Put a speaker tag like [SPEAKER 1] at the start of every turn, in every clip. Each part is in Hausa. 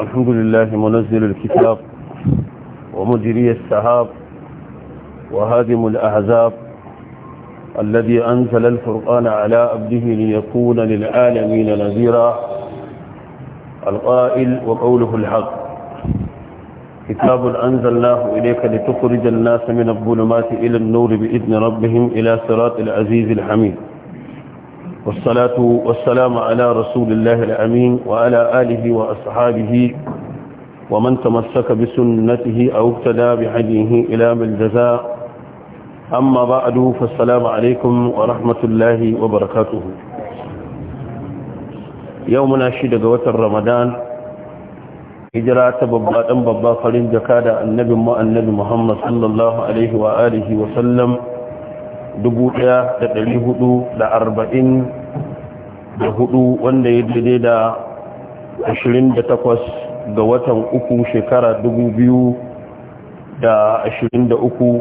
[SPEAKER 1] الحمد لله منزل الكتاب ومجري السحاب وهادم الأعزاب الذي أنزل الفرقان على أبده ليكون للعالمين نذيرا القائل وقوله الحق كتاب أنزلناه إليك لتخرج الناس من الظلمات إلى النور بإذن ربهم إلى صراط العزيز الحميد والصلاة والسلام على رسول الله الأمين وعلى آله وأصحابه ومن تمسك بسنته أو اقتدى بهديه إلى بالجزاء أما بعد فالسلام عليكم ورحمة الله وبركاته يومنا شد قوة رمضان هجرة ببا أم ببا فلن جكاد النبي ما النبي محمد صلى الله عليه وآله وسلم دبوء لقليه دا أربعين da hudu wanda ya daidai da 28 ga watan uku shekara 2023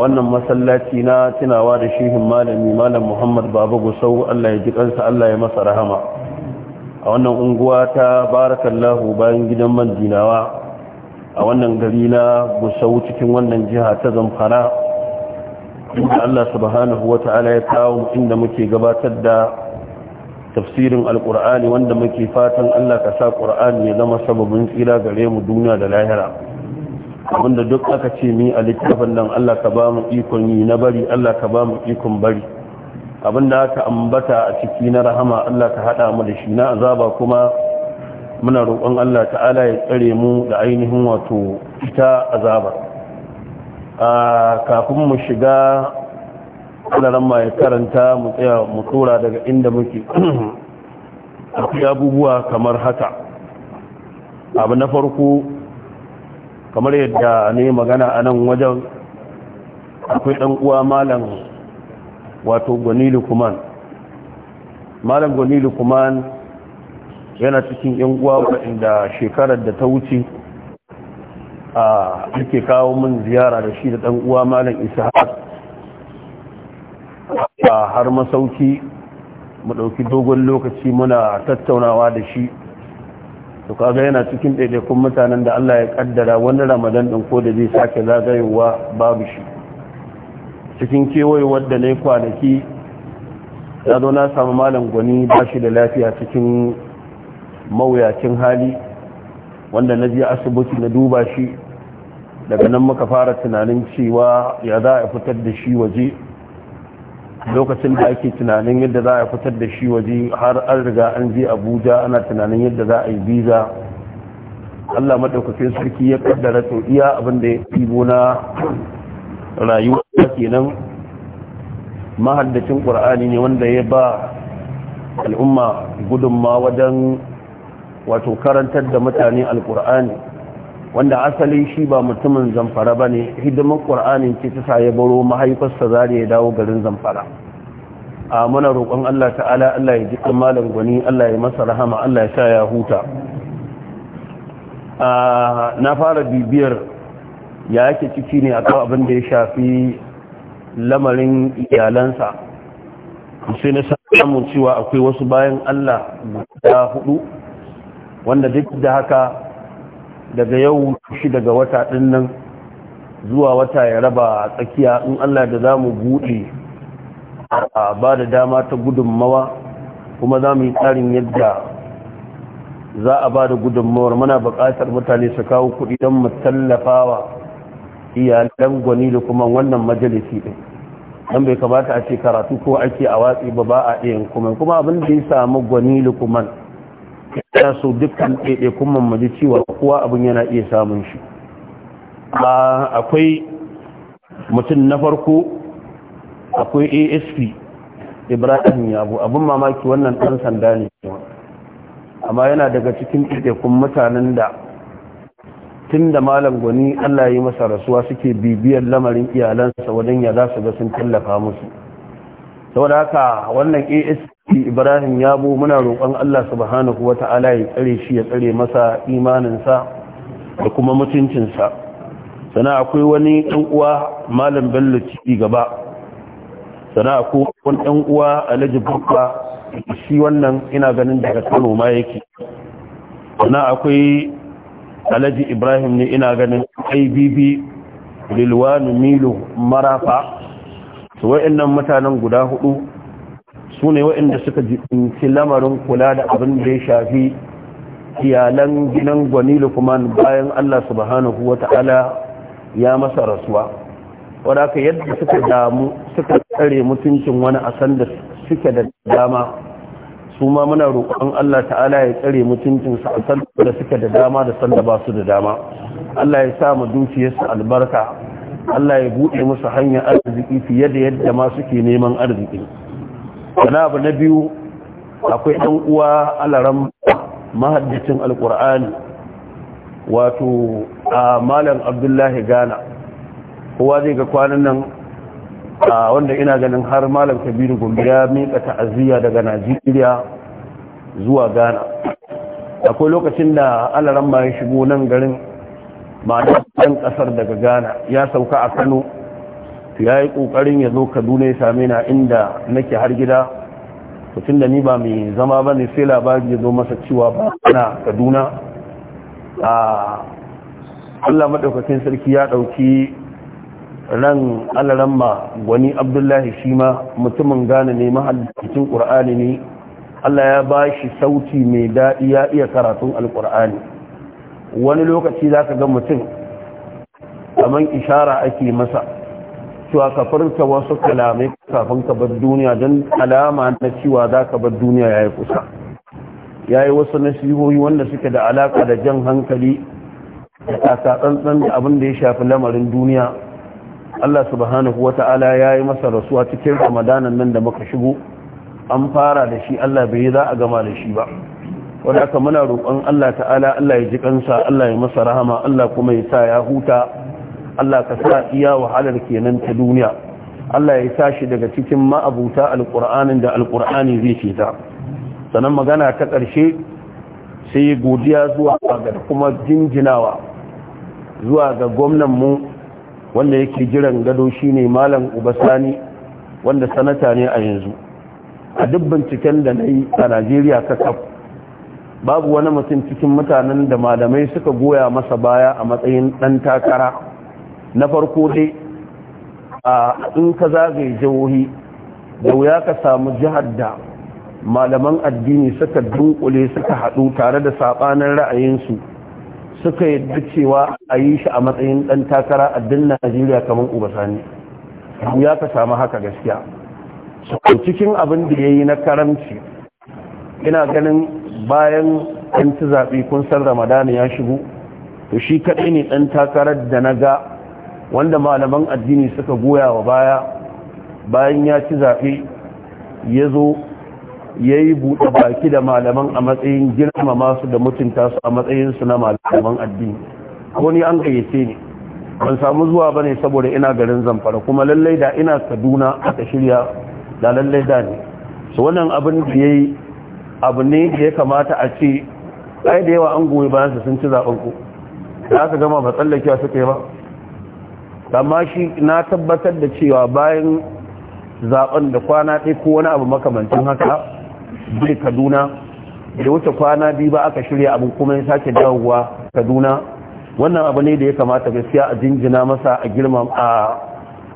[SPEAKER 1] wannan masallaci na tunawa da shehin malami malam muhammad baba gusau allah ya ji kansa allah ya masa rahama a wannan unguwa ta barakallahu bayan gidan man dinawa a wannan gari na gusau cikin wannan jiha ta zamfara inda allah subhanahu wata'ala ya kawo inda muke gabatar da tafsirin alkur'ani wanda muke fatan Allah ka sa kur'ani ya zama sababin tsira gare mu duniya da lahira abinda duk aka ce ni a littafin nan Allah ka ba mu ikon yi na bari Allah ka ba mu ikon bari abinda aka ambata a ciki na rahama Allah ka hada mu da shi na azaba kuma muna roƙon Allah ta'ala ya tsare mu da ainihin wato ita azaba ah, kafin mu shiga alaran ma ya karanta mu tsaya mu tura daga inda muke akwai abubuwa kamar haka abu na farko kamar yadda ne magana a nan wajen akwai ɗan uwa malam wato gwani lukuman malam gwani lukuman yana cikin yan uwa waɗanda shekarar da ta wuce a ake kawo min ziyara da shi da ɗan uwa malam haka har masauki mu ɗauki dogon lokaci muna tattaunawa da shi to kaga yana cikin ɗaiɗaikun mutanen da Allah ya ƙaddara wani ramadan ɗin ko da zai sake zagayewa babu shi cikin kewaye wadda na yi kwanaki ya zo na samu malam gwani ba shi da lafiya cikin mawuyacin hali wanda na je asibiti na duba shi daga nan muka fara tunanin cewa ya za a fitar da shi waje lokacin da ake tunanin yadda za a fitar da shi waje har an riga an je abuja ana tunanin yadda za a yi biza allah maɗaukacin sarki ya kaddara to iya abin da ya ɗibo na rayuwa kenan mahaddacin ƙur'ani ne wanda ya ba al'umma gudunma wajen wato karantar da mutane alƙur'ani wanda asali shi ba mutumin zamfara ba ne hidimar ƙwar'anin ce ta sa ya baro mahaifarsa zari ya dawo garin zamfara a muna roƙon Allah ta'ala Allah ya ji malam gwani Allah ya masa rahama Allah ya sha ya huta na fara bibiyar ya yake ciki ne a kawo abin da ya shafi lamarin iyalansa sai na samun cewa akwai wasu bayan Allah guda hudu wanda duk da haka daga yau shi daga wata dinnan zuwa wata ya raba tsakiya in Allah da za mu buɗe a ba da dama ta gudunmawa kuma za mu yi tsarin yadda za a ba da gudunmawar mana buƙatar mutane su kawo kuɗi don mu tallafawa iyalan gwani da kuma wannan majalisi ɗin don bai kamata a ce karatu ko ake a watsi ba ba a ɗayan kuma kuma abin da ya samu gwani da lukuman yana so dukkan ɗaiɗe kun mamaji cewa kowa abin yana iya samun shi akwai mutum na farko akwai asp ibrahim yabo abin mamaki wannan ɗan sanda ne amma yana daga cikin kun mutanen da tun da malam gwani allah yi masa rasuwa suke bibiyar lamarin iyalansa wajen ya za su ga sun tallafa musu saboda haka wannan asp Ibrahim ya bo muna roƙon Allah subhanahu wa ta'ala ya tsare shi ya tsare masa imaninsa da kuma mutuncinsa. Sana akwai wani ɗan uwa Malam Bello ciki gaba. Sana akwai wani ɗan uwa Alhaji Bukka shi wannan ina ganin daga Kano ma yake. Sana akwai Alhaji Ibrahim ne ina ganin IBB Lilwanu Milo Marafa. Su wa'annan mutanen guda hudu su ne waɗanda suka jinci lamarin kula da abin da ya shafi iyalan gidan gwani lukman bayan Allah subhanahu wa ta'ala ya masa rasuwa wadaka yadda suka damu suka tsare mutuncin wani a sanda suke da dama su ma muna roƙon Allah ta'ala ya tsare mutuncinsa a sanda da suke da dama da sanda ba su da dama Allah ya sa mu dukiyarsu albarka Allah ya buɗe musu hanyar arziki fiye da yadda ma suke neman arziki sana abu na biyu akwai ɗan uwa alaram mahaddicin alƙur'ani wato a malam abdullahi ghana kowa zai ga kwanan nan a wanda ina ganin har malam kabiru gombe ya mika ta'aziyya daga najeriya zuwa ghana akwai lokacin da alaren ma ya shigo nan garin ma'adar ɗan ƙasar daga ghana ya sauka a kano ya yi ƙoƙarin ya zo kaduna ya same na inda nake har gida mutum da ni ba mai zama ba ne sai labari ya zo masa cewa ba na kaduna a allah maɗaukakin sarki ya ɗauki ran ma gwani abdullahi shi ma mutumin gane ne mahallicin ƙur'ani ne allah ya ba shi sauti mai daɗi ya iya karatun alƙur'ani wani lokaci za ka ga mutum kamar ishara ake masa cewa ka furta wasu kalamai kafin ka bar duniya don alama na cewa za ka bar duniya ya yi kusa ya yi wasu nasihohi wanda suke da alaka da jan hankali da tsantsan da abin da ya shafi lamarin duniya Allah subhanahu wa ta'ala ya yi masa rasuwa cikin ramadanan nan da muka shigo an fara da shi Allah bai yi za a gama da shi ba wadda aka muna roƙon Allah ta'ala Allah ya ji kansa Allah ya masa rahama Allah kuma ya sa ya huta Allah ka sa iya wahalar kenan ta duniya Allah ya tashi daga cikin ma'abuta alƙur'anin da alƙur'ani zai ce ta sannan magana ta ƙarshe sai godiya zuwa ga kuma jinjinawa zuwa ga gwamnanmu wanda yake jiran gado shine malam ubasani wanda sanata ne a yanzu a duk binciken da na yi a najeriya ta kaf babu wani mutum cikin mutanen da malamai suka goya masa baya a matsayin ɗan takara na farko dai a in ka zagaye jihohi da wuya ka samu jihar da malaman addini suka dunkule suka haɗu tare da saɓanin ra'ayinsu suka yadda cewa a yi shi a matsayin ɗan takara addin najeriya kamar ubasani wuya ka samu haka gaskiya cikin abin da ya yi na karamci ina ganin bayan an ci zaɓe kun san ramadana ya shigo to shi kaɗai ne ɗan takarar da na ga wanda malaman addini suka goya wa baya bayan ya ci zafi ya zo ya yi buɗe baki da malaman a matsayin girmama su da mutunta su a matsayinsu na malaman addini ko ni an gayyace ni ban samu zuwa ba ne saboda ina garin zamfara kuma lallai da ina kaduna aka shirya da lallai da ne su wannan abin da ya yi abu ne da ya kamata a ce ai da yawa an goyi bayan su sun ci zaɓen ku ya ka gama ba tsallakewa suka yi ba amma shi na tabbatar da cewa bayan zaben da kwana ɗaya ko wani abu makamancin haka bai kaduna da wuce kwana biyu ba aka shirya abin kuma ya sake dawowa kaduna wannan abu ne da ya kamata gaskiya a jinjina masa a girma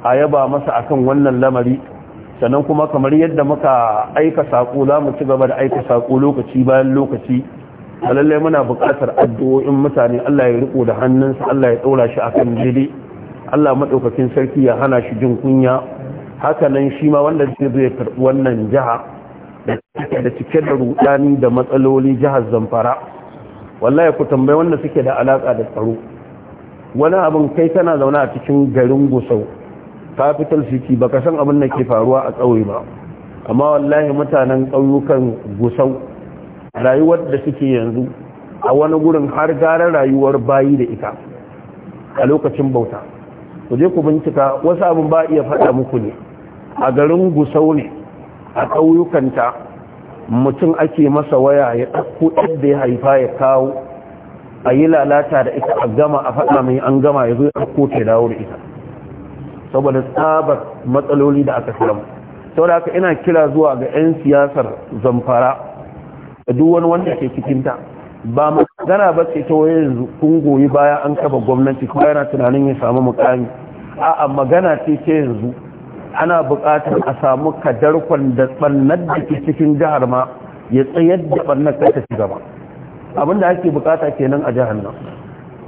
[SPEAKER 1] a yaba masa a kan wannan lamari sannan kuma kamar yadda muka aika saƙo za mu ci gaba da aika saƙo lokaci bayan lokaci a lallai muna buƙatar addu'o'in mutane Allah ya riko da hannunsa Allah ya ɗora shi a kan daidai Allah madaukakin sarki ya hana shi jin kunya haka nan shi ma wanda zai zo wannan jiha da cike da rudani da matsaloli jihar Zamfara wallahi ku tambayi wanda suke da alaka da tsaro wani abin kai tana zaune a cikin garin Gusau capital city baka san abin da ke faruwa a tsauye ba amma wallahi mutanen ƙauyukan Gusau rayuwar da suke yanzu a wani gurin har gara rayuwar bayi da ita a lokacin bauta ku je ku bincika wasu abin ba iya faɗa muku ne a garin gusau ne a ƙauyukanta mutum ake masa waya ya ɗauko ɗadda ya haifa ya kawo a yi lalata da ita a gama a faɗa mai an gama ya zo ya ɗauko ta dawo da ita saboda tsabar matsaloli da aka samu saboda haka ina kira zuwa ga 'yan siyasar zamfara da duk wani wanda ke cikinta ba magana ba ce ta waye yanzu kun goyi baya an kafa gwamnati kuma yana tunanin ya samu mukami a'a magana ce ta yanzu ana buƙatar a samu kadarkon da ɓannar da ke cikin jihar ma ya tsayar da ɓannar kai ta ci gaba abin da ake buƙata kenan a jihar nan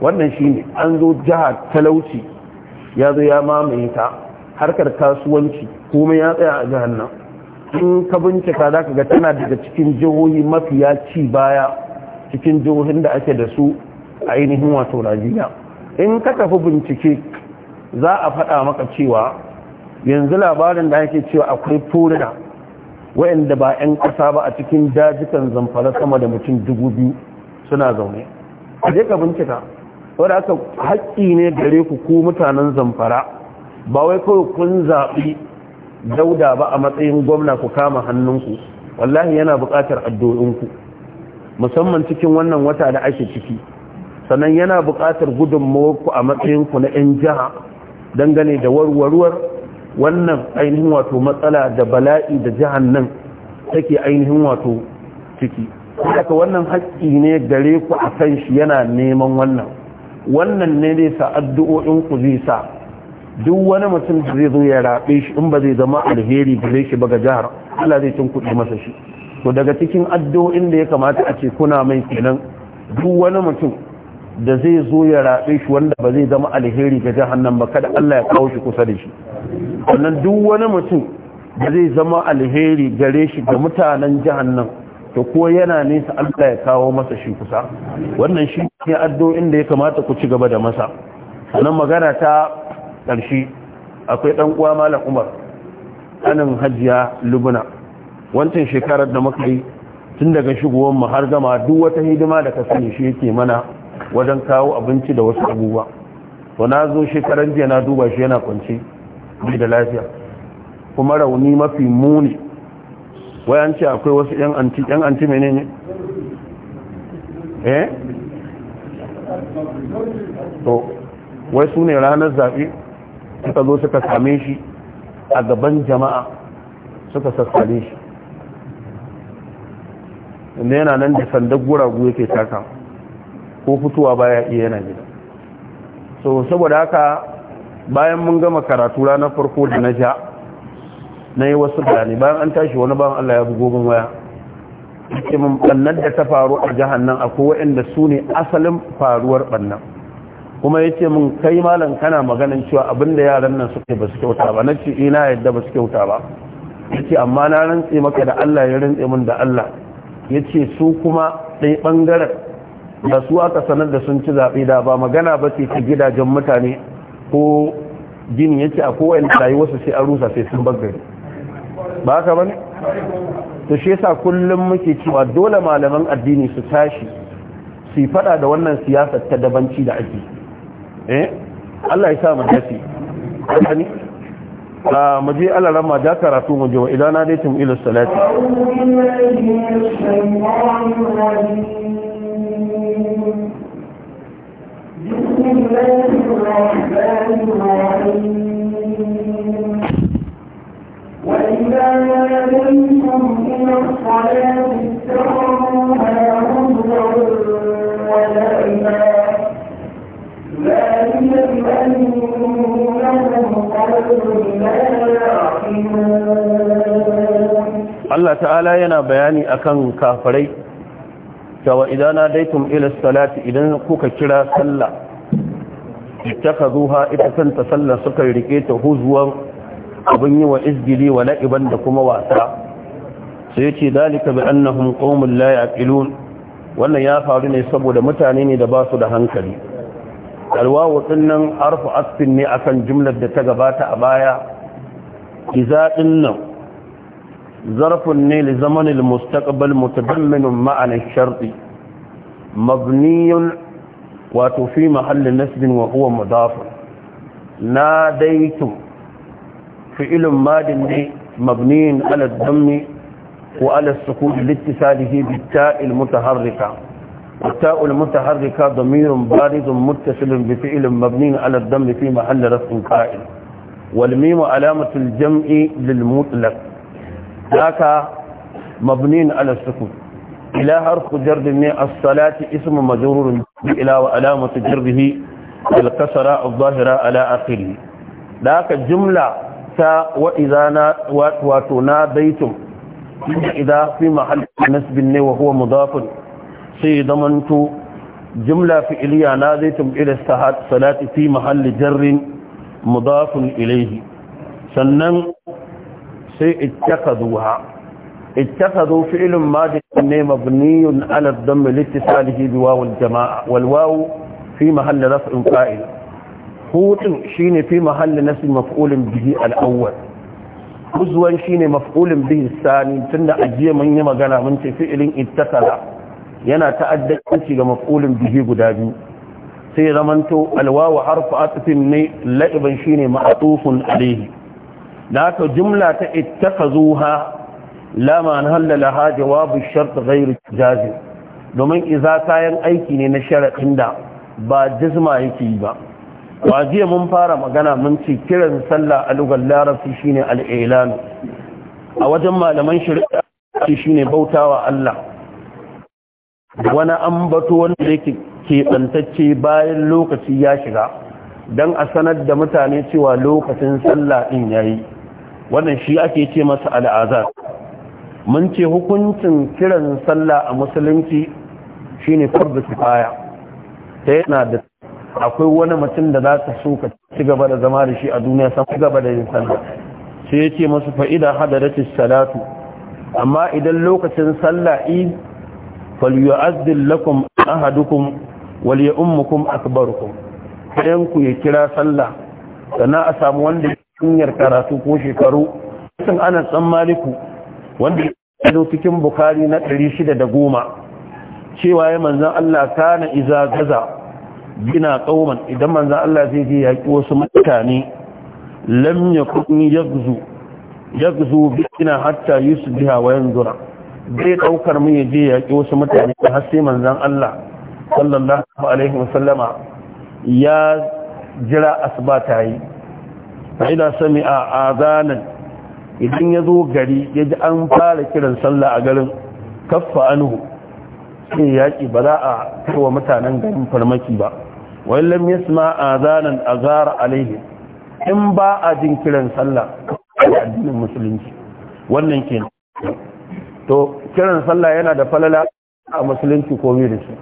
[SPEAKER 1] wannan shine an zo jihar talauci ya zo ya mamaye ta harkar kasuwanci komai ya tsaya a jihar nan in ka bincika za ka ga tana daga cikin jihohi mafiya ci baya cikin jihohin da ake da su ainihin wato najeriya in ka tafi bincike za a faɗa maka cewa yanzu labarin da ake cewa akwai furuna wayanda ba 'yan ƙasa ba a cikin dajikan zamfara sama da mutum dubu biyu suna zaune a je ka bincika wadda aka haƙƙi ne gare ku ku mutanen zamfara ba wai kawai kun zaɓi dauda ba a matsayin gwamna ku kama hannunku wallahi yana buƙatar addu'o'inku musamman cikin wannan wata da ake ciki sannan yana buƙatar gudunmawarku a matsayin ku na 'yan jiha dangane da warwarwar wannan ainihin wato matsala da bala'i da jihan nan take ainihin wato ciki haka wannan haƙƙi ne gare ku a kan shi yana neman wannan wannan ne ne sa addu'o'inku zai sa duk wani mutum da zai zo ya raɓe shi in ba zai zama alheri zai shi ba ga jihar Allah zai cin kuɗi masa shi to daga cikin addu'o'in da ya kamata a ce kuna mai kenan duk wani mutum da zai zo ya rabe shi wanda ba zai zama alheri ga jahannan ba kada Allah ya kawo shi kusa da shi Wannan duk wani mutum da zai zama alheri gare shi ga mutanen jahannan to ko yana nesa Allah ya kawo masa shi kusa wannan shi ne addu'o'in da ya kamata ku ci gaba da masa sannan magana ta ƙarshe akwai ɗan uwa malam Umar anan hajiya Lubna wancan shekarar da muka yi tun daga shigowar mu har gama duk wata hidima da ka sani shi yake mana wajen kawo abinci da wasu abubuwa to na zo shekaran jiya na duba shi yana kwance bai da lafiya kuma rauni mafi muni wayanci akwai wasu yan anti yan anti menene eh to wai su ne ranar zaɓe suka zo suka same shi a gaban jama'a suka sassare shi inda yana nan da sandar guragu yake taka ko fitowa baya iya yana gida so saboda haka bayan mun gama karatu ranar farko da na ja na yi wasu bayani bayan an tashi wani bayan Allah ya bugo min waya ke mun bannan da ta faru a jihar nan akwai waɗanda su ne asalin faruwar bannan kuma yace mun kai malam kana maganan cewa abinda yaran nan suke ba su kyauta ba na ce ina eh, yadda ba su kyauta ba yace amma na rantse maka da Allah ya rantse mun da Allah ya ce su kuma ɗai ɓangaren da su aka sanar da sun ci zaɓe da ba magana ba ce ta gidajen mutane ko gini ya ce a kowane tsayi wasu sai an rusa sai sun bagari ba ka ba ne? ta shi yasa kullum muke cewa dole malaman addini su tashi su yi fada da wannan siyasar ta dabanci da ake eh Allah ya sa mu dace a maje alarama da karatu maje wa idan na dai tun ilu salati
[SPEAKER 2] وإذا
[SPEAKER 1] ناديتم إلى الصلاة اتخذوها هزوا ولعبا ذلك بأن Allah ta'ala yana bayani akan kafirai cewa idan daitum ila salati idan kuka kira sallah ittakazuha ita kanta sallah suka rike ta huzuwan abin yi wa izgili wa la'iban da kuma wasa sai yace dalika bi annahum qaumun la yaqilun wannan ya faru ne saboda mutane ne da ba su da hankali alwawu dinnan harfu asfin ne akan jumlar da ta gabata a baya iza nan zarfun ne li zamanil mustaqbal mutadamminun ma'anar sharti mabniyun wato fi mahalli nasbin wa huwa mudaf nadaitu fi'ilun madin ne mabniyin ala dammi wa ala sukun litisalihi bitta'il mutaharrika التاء المتحركة ضمير بارز متصل بفعل مبني على الضم في محل رفع قائل والميم علامة الجمع للمطلق ذاك مبني على السكون إلى حرف جرد من الصلاة اسم مجرور إلى وعلامة جرده الكسرة الظاهرة على آخره ذاك الجملة تاء وإذا وتناديتم إذا في محل نسب وهو مضاف sai zamanto jumla fi'iliya na zai tumɓi salati fi mahalli jarrin mudafun ilaihi sannan sai ittakazuha ittakazu fi'ilun madin ne mabniyun ala dhamm litisalihi bi wawu al-jamaa wal wawu fi mahalli raf'in fa'il hutun shine fi mahalli nasb maf'ulin bihi al-awwal uzwan shine maf'ulin bihi sani thani tunda ajiye mun yi magana mun ce fi'ilin ittakaza yana ta'addanci ga maf'ulin bihi guda biyu sai zamanto alwawu harfu atfin ne la'iban shine ma'tufun alayhi da jumla ta ittakhazuha la ma ha jawabu shart ghairu jazi domin iza kayan aiki ne na sharadin da ba jazma yake ba ba jiya mun fara magana mun ce kiran sallah a lugar larabci shine al a wajen malaman shari'a shine bautawa Allah wani ambato wanda yake keɓantacce bayan lokaci ya shiga don a sanar da mutane cewa lokacin sallah din ya yi wannan shi ake ce masa al'azar mun ce hukuncin kiran sallah a musulunci shi ne su kifaya ta yana da akwai wani mutum da za ta so ci gaba da zama da shi a duniya san ci gaba da yin sallah sai ya ce masu fa'ida hadaratis salatu amma idan lokacin sallah falyu'azzil lakum ahadukum wal ya'ummukum akbarukum kayan ku ya kira sallah sana a samu wanda kunyar karatu ko shekaru sun ana san maliku wanda ya zo cikin bukari na 610 cewa ya manzan Allah kana iza gaza bina kauman idan manzan Allah zai je yaki wasu mutane lam yakun yaghzu yaghzu bina hatta yusbiha wa yanzura Zai ɗaukar mu yaje ya ƙi wasu mutane da sai manzan Allah sallallahu alaihi wasallama ya jira asuba ta yi fa ina sami'a azanan idan ya zo gari ya ji an fara kiran sallah a garin kaffa anhu sai yaƙi ba za a wa mutanen garin farmaki ba wani lam yasma azanan azara alaihi in ba a jin kiran sallah a addinin musulunci wannan kenan to kiran sallah yana da falala a musulunci komai da shi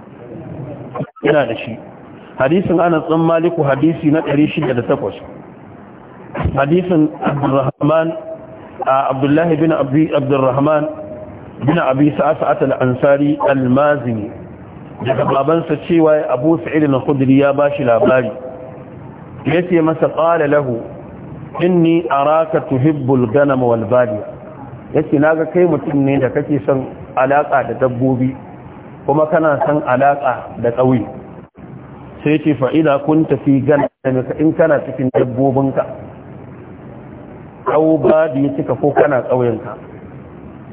[SPEAKER 1] yana da shi hadisin ana tsan maliku hadisi na 608 hadisin abdurrahman abdullahi bin abi abdurrahman bin abi sa'at al-ansari al-mazini daga babansa cewa abu sa'id al-khudri ya bashi labari yace masa qala lahu inni araka tuhibbul ganam wal badiya na naga kai mutum ne da kake son alaƙa da dabbobi kuma kana son alaƙa da ƙauye sai ce fa'ida kun tafi gan in kana cikin dabbobinka au ba da ya cika ko kana ƙauyenka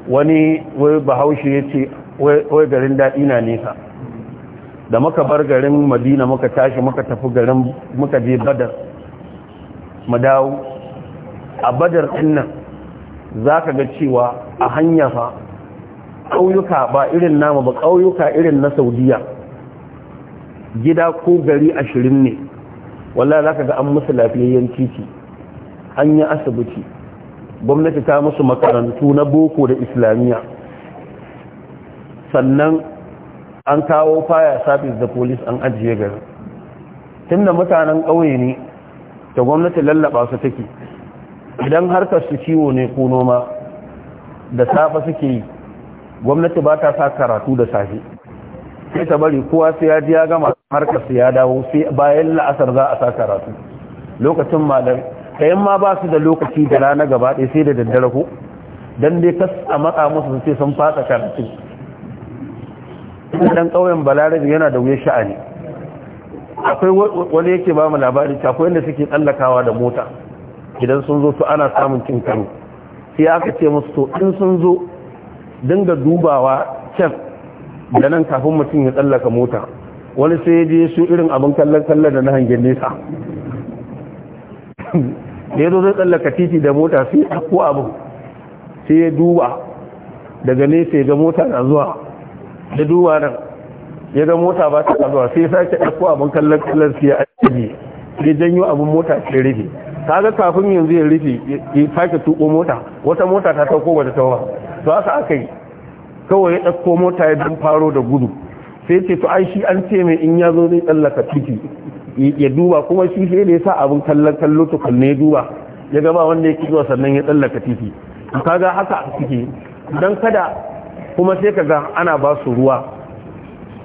[SPEAKER 1] wani wai bahaushe ya ce wai garin daɗi na nesa da muka bar garin madina muka tashi muka tafi garin muka je badar madawu a badar ɗin nan za ka ga cewa a hanya ƙauyuka ba irin nama ba ƙauyuka irin na saudiya gida ko gari ashirin ne walla za ka ga an musu lafiyayyen titi an yi asibiti gwamnati ta musu makarantu na boko da islamiyya sannan an kawo fire service da police an ajiye gari tun da mutanen ƙauye ne ta gwamnati lallaba su take idan harkar su ciwo ne ko noma da safe suke yi gwamnati ba ta sa karatu da safe sai ta bari kowa sai ya ji ya gama harkar su ya dawo sai bayan la'asar za a sa karatu lokacin malam kayan ma ba su da lokaci da rana gaba ɗaya sai da daddare ko dan dai kas a matsa musu sai sun fasa karatu dan ƙauyen balarabe yana da wuya sha'ani akwai wani yake ba mu labari akwai wanda suke tsallakawa da mota idan sun zo to ana samun cin karo sai aka ce musu to in sun zo dinga dubawa can da nan kafin mutum ya tsallaka mota wani sai ya je su irin abin kallon kallon da na hangen nesa da ya zo zai tsallaka titi da mota sai ya ko abin sai ya duba daga nesa ya ga mota na zuwa da duba nan ya ga mota ba ta zuwa sai ya sake ɗauko abin kallon kallon sai ya ajiye ya janyo abin mota sai rufe ga kafin yanzu ya rufe ya sake tuko mota wata mota ta tauko ba ta tawa to haka aka yi kawai ya ɗauko mota ya don faro da gudu sai ce to ai shi an ce mai in ya zo zai tsallaka ciki ya duba kuma shi sai da ya sa abin kallon kallo to kalle ya duba ya gaba wanda ya ki zuwa sannan ya tsallaka titi ga haka suke don kada kuma sai ka ga ana ba su ruwa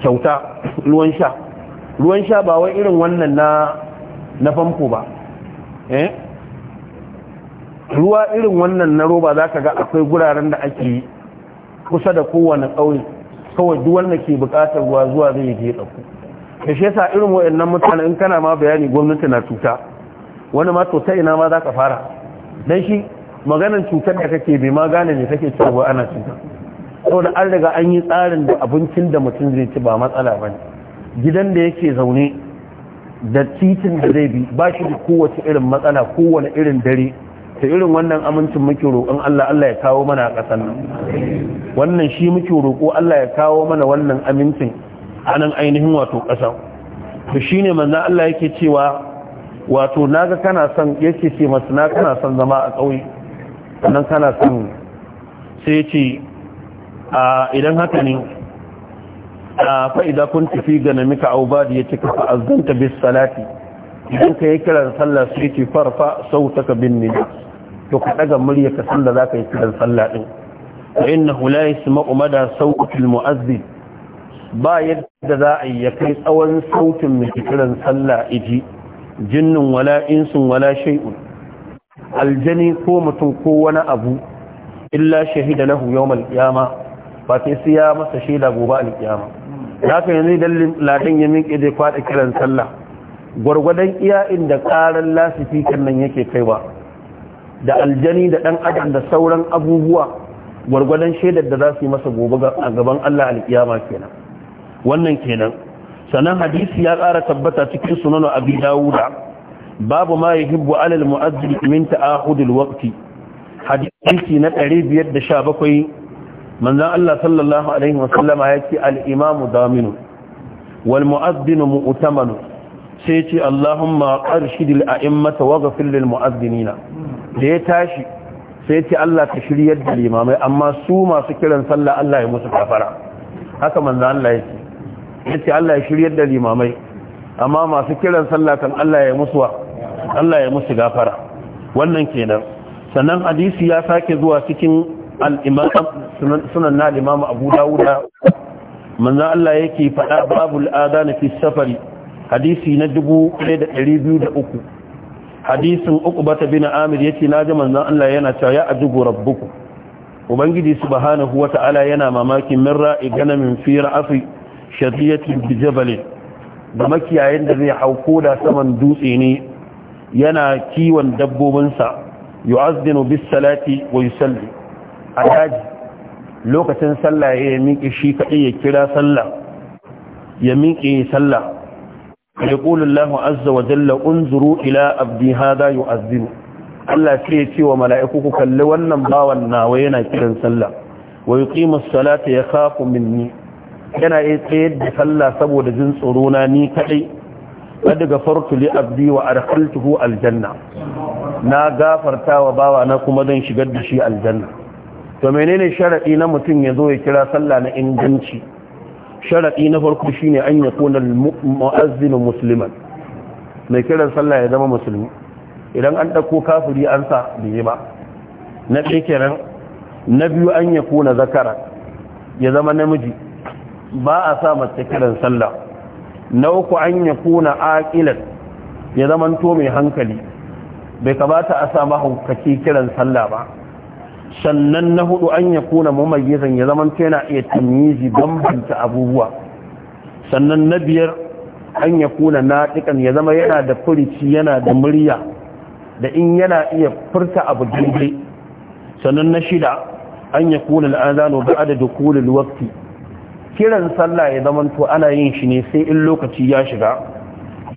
[SPEAKER 1] kyauta ruwan sha ruwan sha ba wai irin wannan na na famfo ba Eh? ruwa irin wannan na roba za ka ga akwai guraren da ake yi kusa da kowane ƙauye kawai duk wanda ke buƙatar ruwa zuwa zai je ɗauko da shi yasa irin waɗannan mutane in kana ma bayani gwamnati na cuta wani ma to ta ina ma za ka fara dan shi maganar cutar da kake bai ma gane ne kake cewa ana cuta saboda an riga an yi tsarin da abincin da mutum zai ci ba matsala ba ne gidan da yake zaune da titin da zai bi ba shi da kowace irin matsala kowane irin dare ta irin wannan amincin muke roƙon Allah Allah ya kawo mana a ƙasar nan wannan shi muke roƙo Allah ya kawo mana wannan amincin a nan ainihin wato ƙasar to shine manzon Allah yake cewa wato naga kana son yake ce masu na kana son zama a ƙauye sannan kana son sai ce a idan haka ne fa’ida kun tafi ganamika aubadi ya ce kafa azanta bis salati idan ka yi kiran sallah su yi ce farfa sau ka bin ne to ka ɗaga murya ka za ka yi kiran sallah ɗin ta inna hula yi su ma'umada sautin mu'azzi ba yadda za a yi kai tsawon sautin mai kiran sallah iji jinnin wala insun wala shai'un aljani ko mutum ko wani abu illa shahida lahu yawmal qiyama ba sai ya masa shaida gobe alƙiyama haka yanzu idan ladan ya miƙe zai faɗi kiran sallah gwargwadon iya inda ƙarar kan nan yake kaiwa da aljani da ɗan adam da sauran abubuwa gwargwadon shaidar da za su yi masa gobe a gaban Allah alƙiyama kenan wannan kenan sannan hadisi ya ƙara tabbata cikin sunanu abi dawuda babu ma yuhibbu alal mu'azzir min ta'ahudil waqti hadisi na 517 manzan Allah sallallahu alaihi sallama ya ce al'imamu daminu wal mu'addinu mu'tamanu sai ce Allahumma qarshidil a'immata waghfir lil mu'addinina da ya tashi sai ce Allah ka shiryar da limamai amma su masu kiran sallah Allah ya musu kafara haka manzan Allah ya ce ya ce Allah ya shiryar da limamai amma masu kiran sallah kan Allah ya musu Allah ya musu gafara wannan kenan sannan hadisi ya sake zuwa cikin sunan na imam abu dawuda manzan Allah yake faɗa babu al'adana fi safari hadisi na 1203 hadisin uku bata bin amir ya ce na ji manzan Allah yana cewa ya ajugu rabbuku ubangiji subhanahu Huwa ta'ala yana mamakin min ra'i ganamin fi ra'afi shadiyatin bijabalin da makiyayin da zai hauko da saman dutse ne yana kiwon dabbobinsa yu'azzinu bis salati wa yusalli a daji lokacin sallah ya miƙe shi kaɗai ya kira sallah ya miƙe sallah ya ƙulun azza wa jalla unzuru ila abdi hada yu azinu Allah sai ya ce wa mala'iku ku kalli wannan bawan nawa yana kiran sallah wa yi ƙimus salata ya kafu minni yana iya tsayar da sallah saboda jin tsoro na ni kaɗai wadda gafartu li abdi wa arhaltuhu aljanna na gafarta wa bawa na kuma zan shigar da shi aljanna to menene sharadi na mutum ya zo ya kira sallah na inganci sharadi na farko shine an ya kona mu'azzin musliman mai kiran sallah ya zama musulmi idan an dauko kafiri an sa biye ba na kenan na biyu an ya kona zakara ya zama namiji ba a sa mace kiran sallah na uku an ya kona aqilan ya zama to mai hankali bai kamata a sa mahaukaci kiran sallah ba sannan na hudu an ya kuna mamayyizan ya zama yana iya tamyizi bambanta abubuwa sannan na biyar an ya kuna naɗiƙan ya zama yana da furici yana da murya da in yana iya furta abu daidai sannan na shida an ya kuna al'azano da adadin kulil wakti kiran sallah ya zama to ana yin shi ne sai in lokaci ya shiga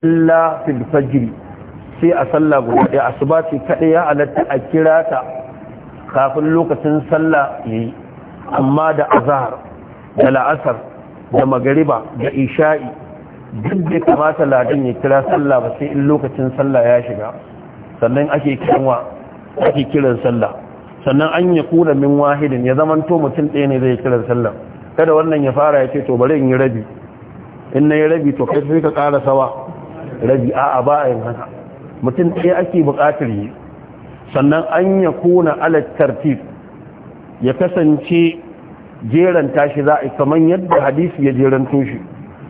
[SPEAKER 1] illa fil fajr sai a sallah guda ɗaya asuba ce kaɗai ya halatta a kira ta kafin lokacin sallah yayi amma da azhar da la'asar da magariba da isha'i duk da kamata ladin ya kira sallah ba sai in lokacin sallah ya shiga sannan ake kiranwa ake kiran sallah sannan an ya kula min wahidin ya zaman to mutum ɗaya ne zai kiran sallah kada wannan ya fara ya ce to bari in yi rabi in na yi rabi to kai sai ka ƙara sawa rabi a'a ba a yin haka mutum ɗaya ake buƙatar yi sannan an ya kuna ala ya kasance jeran tashi za a kamar yadda hadisi ya jeran shi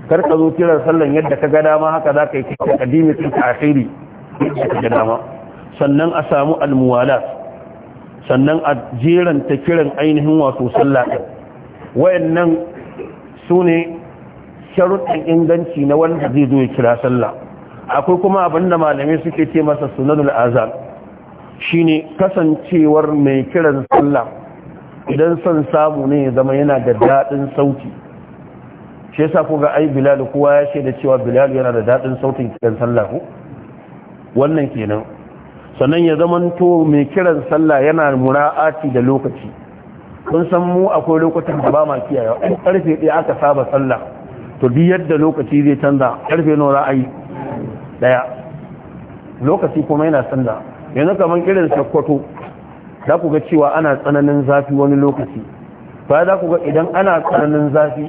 [SPEAKER 1] kar ka zo kiran sallan yadda ka ga dama haka za ka yi cikin kadimi tun akhiri ka ga dama sannan a samu almuwala sannan a jeran ta kiran ainihin wato sallah ɗin wayannan su ne sharuɗin inganci na wanda zai zo ya kira sallah akwai kuma abinda malamai suke ce masa sunanul azan Shi ne kasancewar mai kiran sallah idan son samu ne ya zama yana da daɗin sauti shi yasa ku ga ai bilal kowa ya shaida cewa bilal yana da daɗin sautin kiran sallah ko wannan kenan sannan ya zamanto mai kiran sallah yana mura'ati da lokaci kun san mu akwai lokutan da ba ma kiyaye in karfe ɗaya aka saba sallah to bi yadda lokaci zai canza karfe nawa ai daya lokaci kuma yana canza yanzu kamar irin sakkwato za ku ga cewa ana tsananin zafi wani lokaci ba za ku ga idan ana tsananin zafi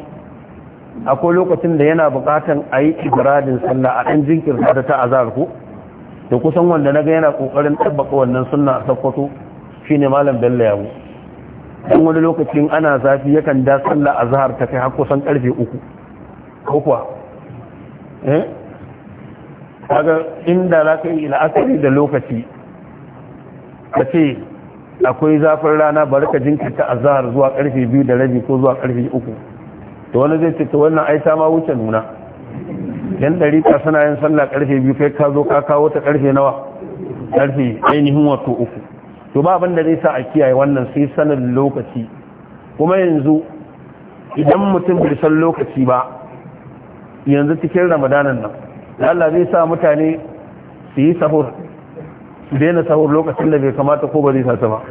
[SPEAKER 1] akwai lokacin da yana bukatan a yi ibradin sallah a ɗan jinkirta ta ta'azar ko da kusan wanda na ga yana ƙoƙarin tabbaka wannan sunna a sakkwato shi ne malam bello yabo ɗan wani lokacin ana zafi yakan da sallah a zahar ta kai har kusan ƙarfe uku ko kuwa eh? inda za ka yi la'akari da lokaci ka ce akwai zafin rana bari ka jinkirta zahar zuwa karfe biyu da rabi ko zuwa karfe uku to wani zai ce ta wannan ai ma wuce nuna yan ta suna yin sallah karfe biyu kai ka zo ka kawo ta karfe nawa karfe ainihin wato uku to ba abin da zai sa a kiyaye wannan sai sanin lokaci kuma yanzu
[SPEAKER 2] idan mutum bai
[SPEAKER 1] san lokaci ba yanzu cikin ramadanan nan Allah zai sa mutane su yi sahur daina sahur lokacin da bai kamata ko ba zai sata ba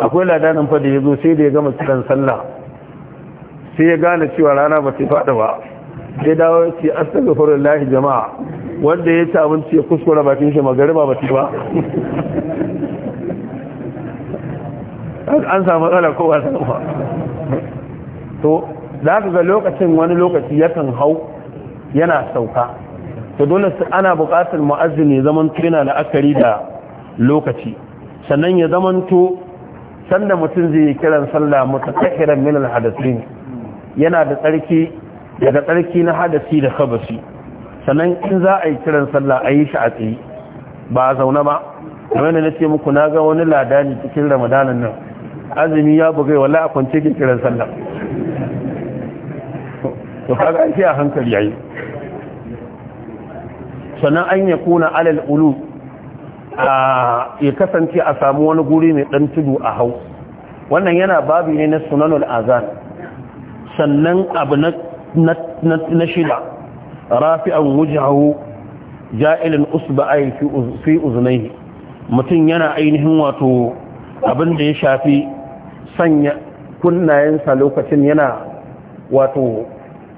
[SPEAKER 1] akwai ladanin fa da ya zo sai da ya gama kiran sallah sai ya gane cewa rana ba ta faɗa ba sai dawo ya ce lahi jama'a wanda ya ci abinci ya kuskura bakin shi magariba ba ta ba an samu matsala ko ba ta ba to za ka ga lokacin wani lokaci yakan hau yana sauka to dole ana buƙatar mu'azzin ya zaman to yana la'akari da lokaci sannan ya zaman to sanda mutum zai yi kiran sallah mutakahiran min alhadasin yana da tsarki daga tsarki na hadasi da khabasi sannan in za a yi kiran sallah a yi shi a tsaye ba a zaune ba kamar da nace muku na ga wani ladani cikin ramadanan nan azumi ya bugai wala a kwance kiran sallah to kaga an ce a hankali yayi sannan an ya kuna alal ulu ya kasance a samu wani guri mai ɗan tudu a hau wannan yana babu ne na sunanul azan sannan abu na shida rafi'an wujahu ja'ilin usba'ai fi uznaihi mutum yana ainihin wato abin da ya shafi sanya kunnayensa lokacin yana wato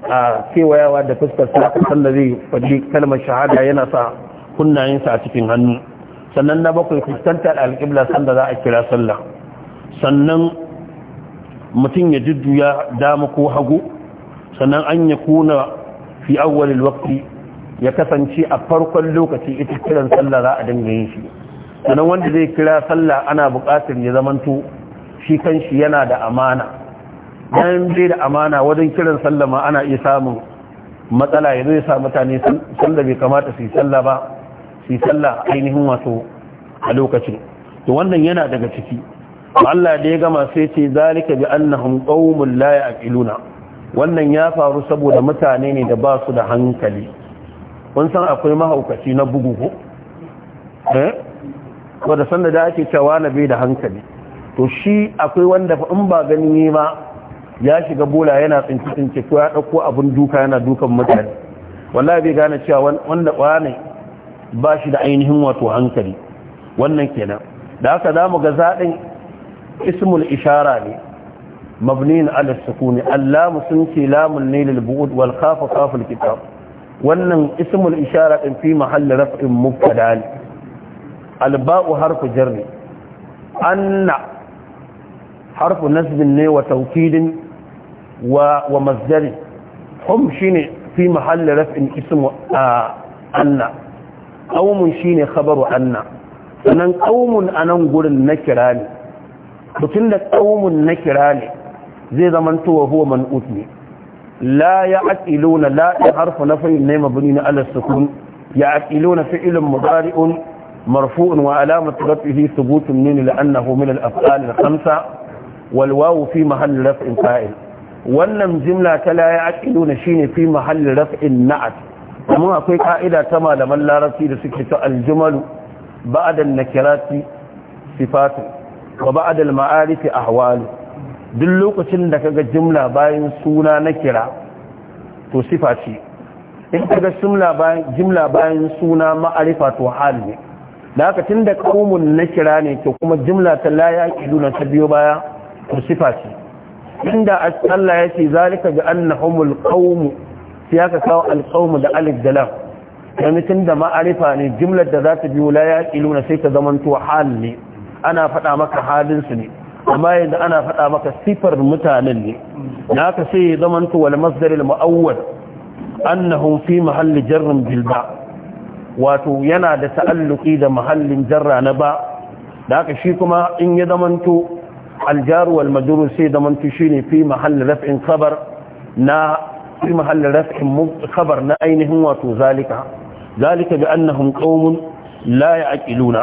[SPEAKER 1] a kewayawa da fuskar sa sanda zai faɗi kalmar shahada yana sa kunnayensa a cikin hannu sannan na bakwai fuskantar alƙibla sanda za a kira sallah sannan mutum ya ya dama ko hagu sannan an ya kuna fi awwalil waqti ya kasance a farkon lokaci ita kiran sallah za a dinga shi sannan wanda zai kira sallah ana buƙatar ya zamanto shi kan shi yana da amana bayan bai da amana wajen kiran sallah ana iya samun matsala ya zai sa mutane sallah bai kamata su yi sallah ba su yi sallah ainihin wato a lokacin to wannan yana daga ciki Allah da ya gama sai ce zalika bi annahum qaumun la ya'qiluna wannan ya faru saboda mutane ne da ba su da hankali kun san akwai mahaukaci na bugu ko eh wanda sanda da ake cewa na bai da hankali to shi akwai wanda in ba gani ne ba ya shiga bola yana tsinci tsinci ko ya ɗauko abin duka yana dukan mutane wallahi bai gane cewa wanda wane ba shi da ainihin wato hankali wannan kenan da haka za mu ga zaɗin ismul ishara ne mabnin ala sukuni allamu sun ce lamun ne lil bu'ud wal kafa kaful kitab wannan ismul ishara din fi mahalli raf'in mubtada ne alba'u harfu jarri anna harfu nasbin ne wa tawkidin ومزدري هم شيني في محل رفع اسم آه، أن قوم شيني خبر أنا فنن قوم أنا نقول النكراني بطلنا قوم النكراني زي زمن تو هو من أثني لا يعتلون لا يعرف نفي النيم بنين على السكون يعتلون فعل مضارع مرفوع وعلامة رفعه ثبوت من لأنه من الأفعال الخمسة والواو في محل رفع فائل wannan jimla ta la na shine fi mahalli raf'in na'at kuma akwai ka'ida ta malaman larabci da suke ta aljumalu ba'da an-nakirati sifatu wa ba'da al-ma'arifi ahwalu duk lokacin da kaga jimla bayan suna na kira to sifa ce in kaga jimla bayan jimla bayan suna ma'arifa to hal ne da haka tunda kaumun nakira ne to kuma jimla ta la ya'qiluna ta biyo baya to sifa ce inda Allah ya ce zalika bi annahumul qawm sai aka kawo alqawm da alif da lam dan mutun da ma'arifa ne jumlar da za ta biyo la yaqiluna sai ta zamanto hal ne ana faɗa maka halin su ne amma yanzu ana faɗa maka sifar mutanen ne na ka sai zamanto wal masdaril mu'awwal annahum fi mahalli jarrin bil ba wato yana da ta'alluki da mahallin jarra na ba da haka shi kuma in ya zamanto الجار والمجرور سيدا من تشيني في محل رفع خبر نا في محل رفع خبر نا أينهم واتو ذلك ذلك بأنهم قوم لا يعقلون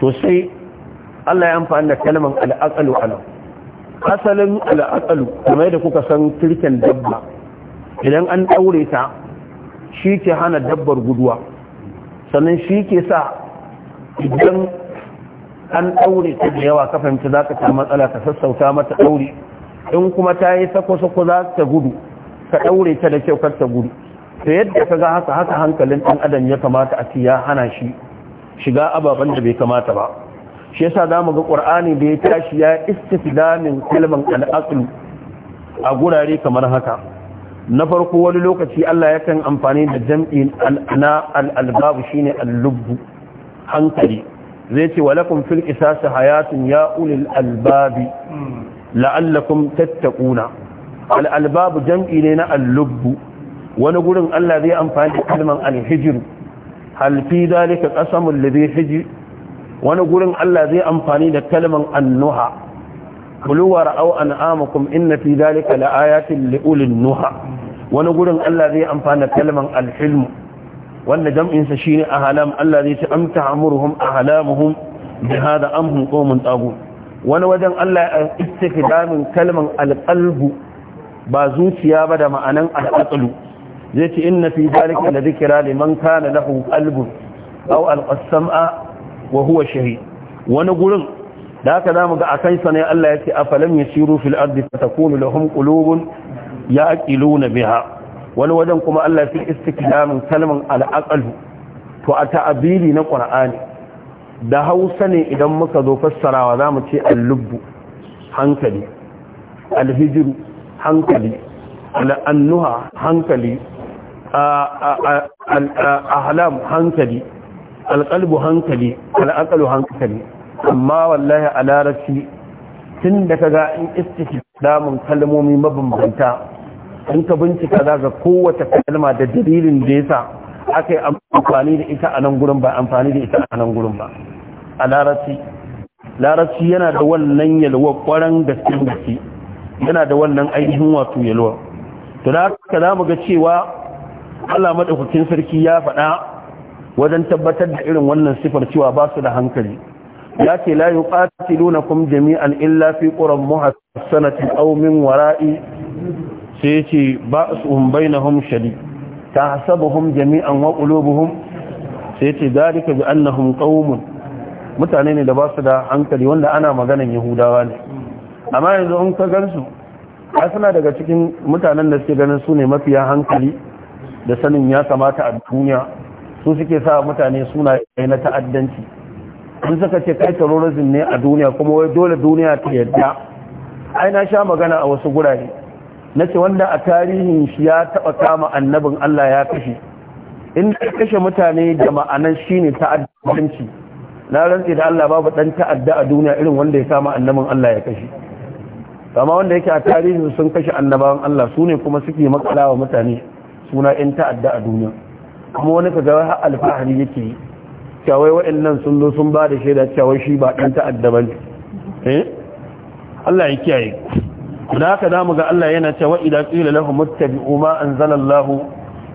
[SPEAKER 1] تسي الله ينفع أن كلمة الأقل عنه asalin al'akalu kuma yadda kuka san kirkin dabba idan an daure ta shi ke hana dabbar guduwa sannan shi ke sa idan an ɗaure ta da yawa ka za ka ta matsala ka sassauta mata ɗaure in kuma ta yi sako-sako za ta gudu ka ɗaure ta da kyau kar ta gudu ta yadda ka ga haka haka hankalin ɗan adam ya kamata a ya hana shi shiga ababen da bai kamata ba shi yasa za mu ga ƙur'ani da ya tashi ya damin kalman al'aqlu a gurare kamar haka na farko wani lokaci Allah yakan amfani da jam'in na al'albabu shine al hankali zai ce walakum fil qisas hayatun ya ulil albabi la'allakum tattaquna al albab jam'i ne na al-lubb wani gurin Allah zai amfani da kalman al-hijr hal fi dalika qasamul ladhi hijr wani gurin Allah zai amfani da kalman annuha kulu wa ra'aw an'amakum inna fi dalika la'ayatin li ulil nuha wani gurin Allah zai amfani da kalman al-hilm wanda jam'insa shi ne ahalam Allah zai ci amta amurhum ahalamuhum bi hada amhum qawmun tagu wani wajen Allah ya damin kalmar alqalbu ba zuciya ba da ma'anan alqalbu zai ce inna fi zalika la liman kana lahu qalbun aw alqasama wa huwa shahid wani gurin da haka zamu ga akan sa ne Allah ya ce afalam ya fil ardi fatakunu lahum qulubun yaqiluna biha wani wajen kuma Allah fi istiklamin kalman al'aqalu to a ta'abiri na qur'ani da hausa ne idan muka zo fassarawa za mu ce al-lubbu hankali al-hijru hankali al-annuha hankali al-ahlam hankali al-qalbu hankali al-aqalu hankali amma wallahi a larabci tun da kaga in istiklamin kalmomi mabambanta in ka bincika za ga kowace kalma da dalilin da ya sa aka yi amfani da ita a nan gurin ba amfani da ita a nan gurin ba a larabci larabci yana da wannan yalwa kwaran sun gaske yana da wannan ainihin wato yalwa to da aka za mu ga cewa Allah madaukakin sarki ya faɗa wajen tabbatar da irin wannan sifar cewa ba su da hankali ya ce la kuma jami'an illa fi quram muhassanatin aw min wara'i sai ya ce shari ta hasaba hom jami'an wa hom sai ya ce dalika bi annahum qaumun mutane ne da ba su da hankali wanda ana maganan yahudawa ne amma yanzu in ka gansu suna daga cikin mutanen da suke ganin su ne mafiya hankali da sanin ya kamata a duniya su suke sa mutane suna na ta'addanci in suka ce kai terrorism ne a duniya kuma wai dole duniya ta yadda ai na sha magana a wasu gurare na ce wanda a tarihin shi ya taɓa kama annabin Allah ya kashe inda ya kashe mutane da ma'anar shi ne ta'addanci na rantsi da Allah babu ɗan ta'adda a duniya irin wanda ya kama annabin Allah ya kashe amma wanda yake a tarihin sun kashe annabawan Allah su ne kuma suke makalawa mutane suna in ta'adda a duniya kuma wani ka gawa alfahari yake yi kyawai waɗannan sun zo sun ba da shaida kyawai shi ba ɗan ta'adda ba ne eh? Allah ya kiyaye da haka mu ga Allah yana cewa idza qila lahum muttabi'u ma Allah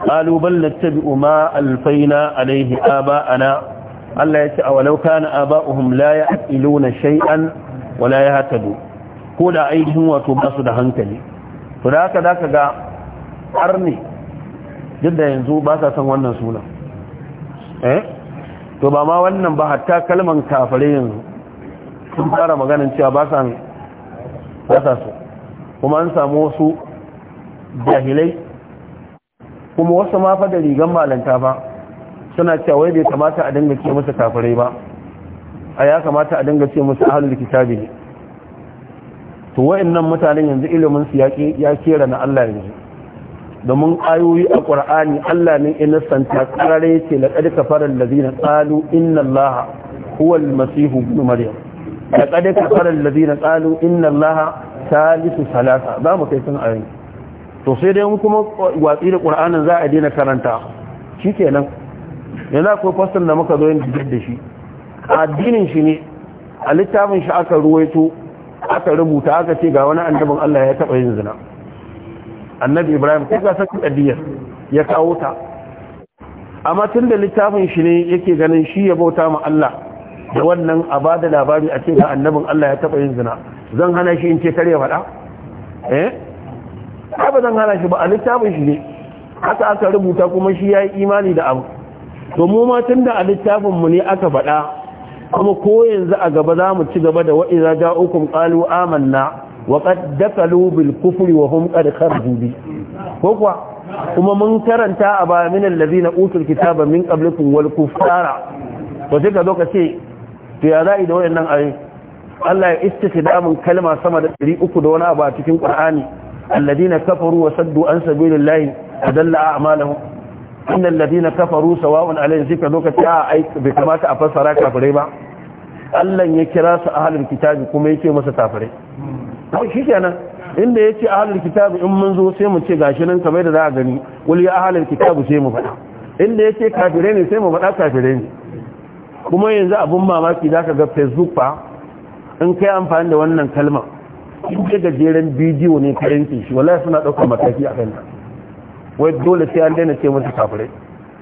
[SPEAKER 1] qalu bal nattabi'u ma alfaina alayhi aba'ana Allah yace law kana aba'uhum la ya'qiluna shay'an wa la yahtadu ko da ainihin wato basu da hankali to da haka zaka ga arni duk da yanzu ba sa san wannan sunan eh to ba ma wannan ba hatta kalman kafare yanzu sun fara maganin cewa ba sa ba sa so kuma an samu wasu jahilai kuma wasu ma fa da rigan malanta ba suna cewa wai bai kamata a dinga ce musu kafirai ba a ya kamata a dinga ce musu ahlul kitabi ne to wa'annan mutanen yanzu ilimin su ya kera na Allah yanzu domin ayoyi a Qur'ani Allah ne ya santa karare ce laqad kafara allazina qalu inna allaha huwa al-masih ibn maryam laqad kafara allazina qalu inna allaha salisu salasa za mu kai sun ayin to sai dai mu kuma watsi da ƙur'anin za a daina karanta shi kenan yanzu akwai fasar da muka zo yin da shi addinin shi ne a littafin shi aka ruwaito aka rubuta aka ce ga wani annabin Allah ya taɓa yin zina annabi ibrahim kai ga sakin ɗaddiyar ya kawo ta amma tun da littafin shi ne yake ganin shi ya bauta ma Allah da wannan a ba da labari a ce da annabin Allah ya taɓa yin zina zan hana shi in ce kare faɗa eh ba zan hana shi ba a littafin shi ne haka aka rubuta kuma shi ya yi imani da abu to mu ma tun da a littafin mu ne aka faɗa kuma ko yanzu a gaba za mu ci gaba da wa'iza ja'ukum qalu amanna wa qad dakalu bil kufri wa hum qad kharju bi ko kuwa kuma mun karanta a ba min allazina utul kitaba min qablikum wal kuffara to sai ka zo ka ce to ya za'i da wayannan ayoyi Allah ya istikhdamun kalma sama da 300 da wani abu a cikin Qur'ani alladina kafaru wa saddu an sabilillahi adalla a'malahum inna ladina kafaru sawa'un alayhim zika doka ta ai bai kamata a fassara kafirai ba Allah ya kira su ahlul kitabi kuma yake masa tafare to kenan inda yace ahlul kitabi in mun zo sai mu ce gashi nan kamar da za a gani wal ahlul kitabi sai mu faɗa inda yace kafirai ne sai mu faɗa kafirai ne kuma yanzu abun mamaki za ka ga facebook fa in kai amfani da wannan kalma in ce gajeren bidiyo ne ka yanke shi wallahi suna ɗaukar mataki a kanta wai dole sai an daina ce musu kafirai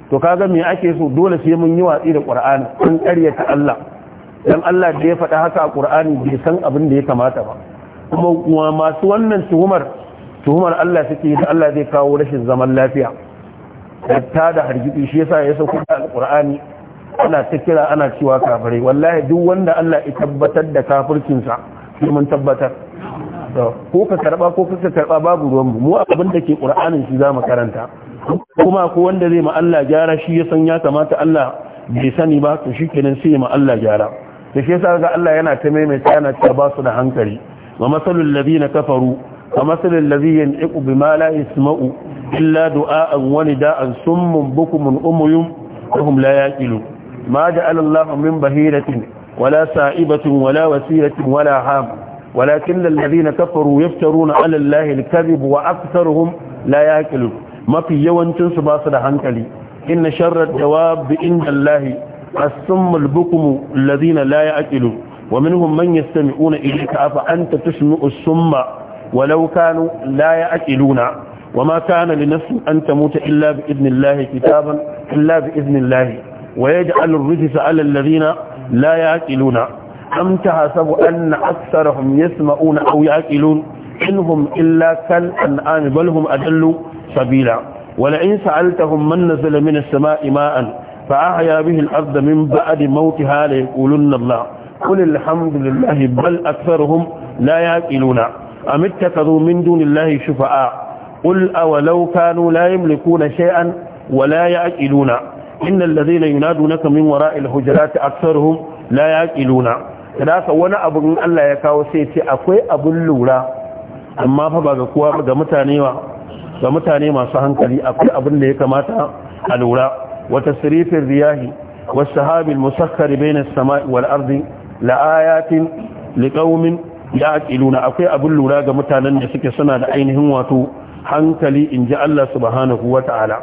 [SPEAKER 1] to kaga me ake so dole sai mun yi watsi da qur'ani kun ta Allah dan Allah da ya faɗa haka a qur'ani bai san abin da ya kamata ba kuma masu wannan tuhumar tuhumar Allah suke da Allah zai kawo rashin zaman lafiya da ta da hargitsi shi yasa ya sauko da alqur'ani ana ta kira ana cewa kafirai wallahi duk wanda Allah ya tabbatar da kafircinsa shi mun tabbatar ko ka karba ko ka karba babu ruwan mu abin da ke qur'anin shi zamu karanta kuma ko wanda zai ma Allah gyara shi ya san ya kamata Allah bai sani ba to shikenan sai ma Allah gyara da shi yasa ga Allah yana ta maimaita yana ta ba su da hankali wa masalul ladina kafaru wa masalul ladhi yanqu bima la yasma'u illa du'a wa nida'an summun bukumun umuyum wa hum la yaqilun ما جعل الله من بهيرة ولا سائبة ولا وسيلة ولا هام ولكن الذين كفروا يفترون على الله الكذب وأكثرهم لا يأكلون ما في يوانتن سباسة حنكلي إن شر الجواب بإن الله السم البكم الذين لا يأكلون ومنهم من يستمعون إليك أفأنت تسمع السم ولو كانوا لا يأكلون وما كان لنفس أن تموت إلا بإذن الله كتابا إلا بإذن الله ويجعل الرجس على الذين لا يعقلون أم تحسب أن أكثرهم يسمعون أو يعقلون إنهم إلا كالأنعام بل هم أدلوا سبيلا ولئن سألتهم من نزل من السماء ماء فأحيا به الأرض من بعد موتها ليقولن الله قل الحمد لله بل أكثرهم لا يعقلون أم اتخذوا من دون الله شفعاء قل أولو كانوا لا يملكون شيئا ولا يعقلون innal ladhina yunadunaka min wara'il hujurati aktharuhum la yaqiluna kada sa wani abu Allah ya kawo sai ce akwai abun lura amma fa ba ga mutane masu hankali akwai abin da ya kamata a lura wata sirifin riyahi wasu sahabin musakkari bai na sama'i wal arzi liƙaumin ya aƙiluna akwai abin lura ga mutanen da suke suna da ainihin wato hankali in ji Allah subhanahu wa ta'ala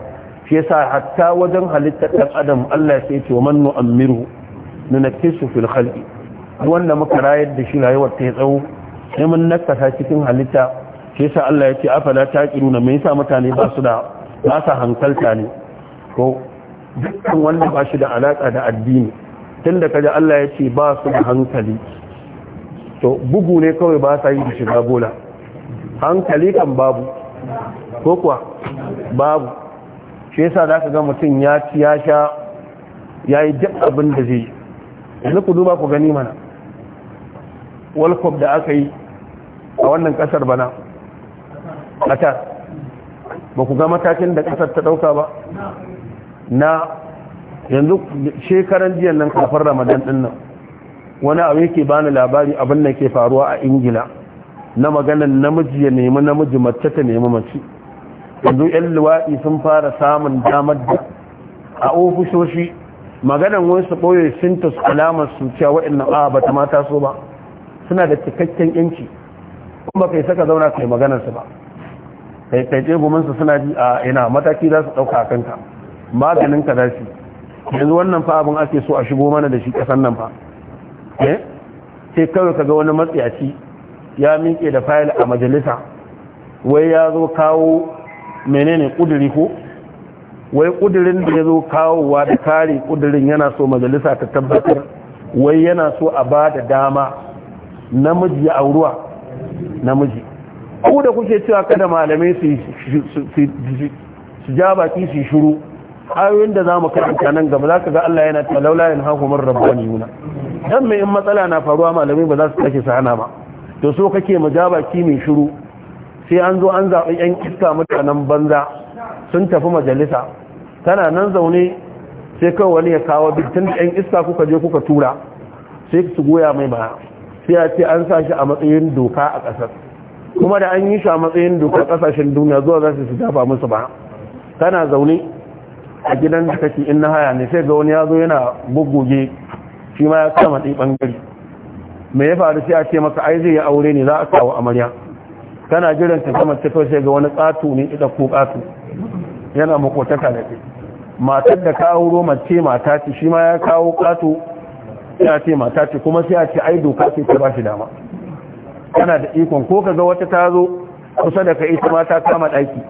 [SPEAKER 1] shi yasa hatta wajen halittar dan adam Allah sai ya ce wa man nu'ammiru nunakkisu fil khalqi wanda muka rayar da shi rayuwar ta tsawo sai mun nakasa cikin halitta shi yasa Allah ya ce afala taqiluna me yasa mutane ba su da ba sa hankalta ne ko dukkan wanda ba shi da alaka da addini tunda kaje Allah ya ce ba su da hankali to bugu ne kawai ba sa yi da shiga bola hankali kan babu ko kuwa babu shi yasa za ka ga mutum ya ci ya sha ya yi duk abin da zai yanzu ku duba ku gani mana world da aka yi a wannan kasar bana matar ba ku ga matakin da kasar ta dauka ba na yanzu shekaran jiyan nan kafin ramadan din nan wani abu yake bani labari abin da ke faruwa a ingila na maganan namiji ya nemi namiji mace ta nemi mace yanzu 'yan luwaɗi sun fara samun damar da a ofisoshi, maganan wasu ɓoye sintas alamar su cewa waɗannan a ba ta mata so ba suna da cikakken yanci kuma kai saka zauna kai maganarsu ba kai kai tseguminsu suna ji a ina mataki za su ɗauka a kanka maganin ka za yanzu wannan fa abin ake so a shigo mana da shi ƙasan nan fa eh? sai kawai ka ga wani matsayaci ya miƙe da fayil a majalisa wai ya zo kawo menene kuduri ko wai kudurin da ya zo kawowa da kare kudurin yana so majalisa ta tabbatar wai yana so a ba da dama namiji a auruwa namiji ku da kuke cewa kada malamai su ja baki su shiru ayoyin da za mu karanta nan gaba za ka ga Allah yana ta laula in haku mun rabbani yuna dan mai in matsala na faruwa malamai ba za su kake su hana ba to so kake mu ja baki mai shiru sai an zo an zaɓi 'yan iska mutanen banza sun tafi majalisa tana nan zaune sai kawai wani ya kawo bitin da 'yan iska kuka je kuka tura sai su goya mai baya sai ya ce an sa shi a matsayin doka a ƙasar kuma da an yi shi a matsayin doka ƙasashen duniya zuwa za su dafa musu ba tana zaune a gidan da kake in na haya ne sai ga wani ya zo yana goggoge shi ma ya kama ɗi ɓangare me ya faru sai a ce maka ai zai yi aure ne za a kawo amarya tana jiran ta sama cikin sai ga wani tsatu ne ita ko tsatu yana makotaka da ke matar da ka auro mace mata ce shi ma ya kawo tsatu ya ce mata ce kuma sai a ce ai doka ce ta ba shi dama kana da ikon ko ka ga wata ta zo kusa da ka ita ma ta kama ɗaki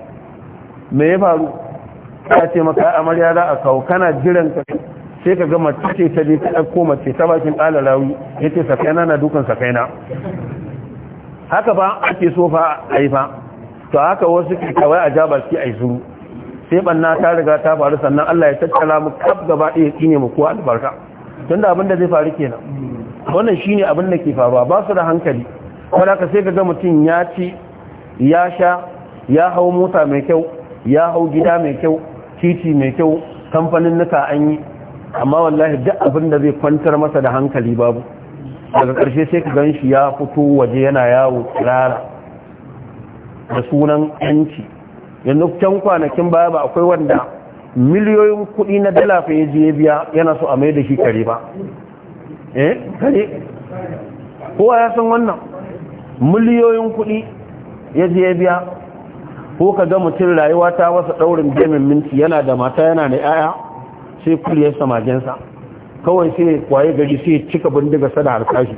[SPEAKER 1] me ya faru ta ce maka amarya za a kawo kana jiran ka sai ka ga mace ce ta je ta ɗauko mace ta bakin ƙalarawi ya ce sakaina na dukan sakaina haka ba ake so fa a yi fa to haka wasu ke kawai a ja baki a yi zuru sai banna ta riga ta faru sannan Allah ya tattala mu kaf gaba ɗaya kine mu ko albarka tunda abin da zai faru kenan wannan shine abin da ke faruwa ba su da hankali da ka sai ka ga mutum ya ci ya sha ya hau mota mai kyau ya hau gida mai kyau titi mai kyau kamfanin nuka an yi amma wallahi duk abin da zai kwantar masa da hankali babu daga ƙarshe sai ka ganshi ya fito waje yana yawo tsirara da sunan yanci yanzu can kwanakin baya ba akwai wanda miliyoyin kuɗi na dala fa ya je biya yana so a mai da shi kare ba eh kare kowa ya san wannan miliyoyin kuɗi ya je biya ko ka ga mutum rayuwa ta wasa ɗaurin gemin minti yana da mata yana da 'ya'ya sai kuliyar samajensa kawai sai ya kwaye gari sai ya cika bindiga sada harkashi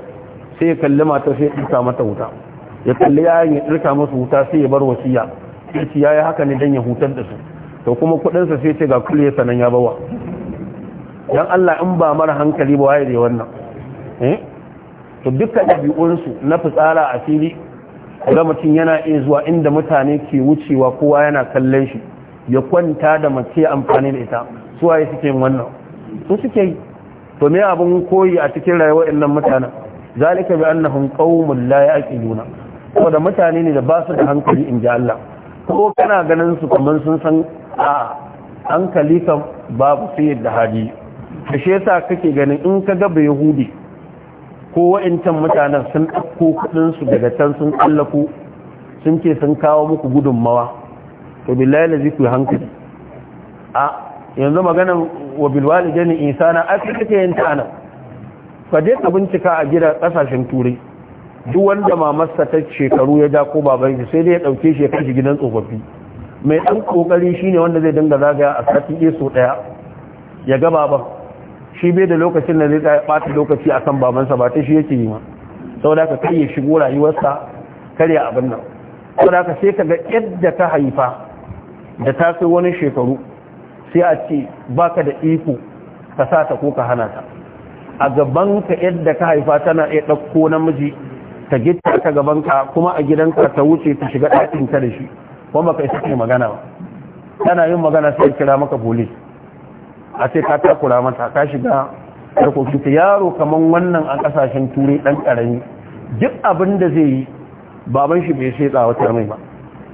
[SPEAKER 1] sai ya kalli mata sai ya ɗirka mata wuta ya kalli yayin ya ɗirka masa wuta sai ya bar wasiya sai ya yi haka ne don ya hutar da su to kuma kuɗinsa sai ce ga kulle sanan ya bawa don Allah in ba mara hankali ba waye da wannan eh? to duka ɗabi'unsu na fitsara a fili ga mutum yana iya zuwa inda mutane ke wucewa kowa yana kallon shi ya kwanta da mace amfani da ita suwaye suke wannan su suke to me abin koyi a cikin rayuwar innan mutanen zalika bi annahum qaumun la yaqiluna da mutane ne da ba su da hankali in ji Allah ko kana ganin su kamar sun san a hankali kan babu sai da haji da she yasa kake ganin in ka ga bai ko wa'incan mutanen sun dauko kudin su daga can sun kallako sun ce sun kawo muku gudunmawa to billahi lazi ku hankali a yanzu maganan wa bilwali jani insana afirka kake yin ta'anan faje ka bincika a gida kasashen turai duk wanda mamarsa ta shekaru ya ja ko baban shi sai dai ya dauke shi ya kai shi gidan tsofaffi mai dan kokari shine wanda zai dinga zagaya a sati ɗaya so ɗaya ya ga baban shi bai da lokacin da zai tsaya ɓata lokaci a babansa ba ta shi yake yi ma saboda ka kai ya shigo rayuwarsa karya abin nan saboda ka sai ka ga yadda ta haifa da ta sai wani shekaru sai a ce ka da iko ka sa ta ko ka hana ta a gaban ka yadda ka haifa tana iya ɗauko namiji ta gita ta gaban ka kuma a gidan ka ta wuce ta shiga ɗakin ka da shi kuma ka isa kai magana ba tana yin magana sai ya kira maka bole a ce ka takura mata ka shiga harkokin ta yaro kamar wannan a kasashen turai dan karami duk abin da zai yi baban shi bai sai tsawatar mai ba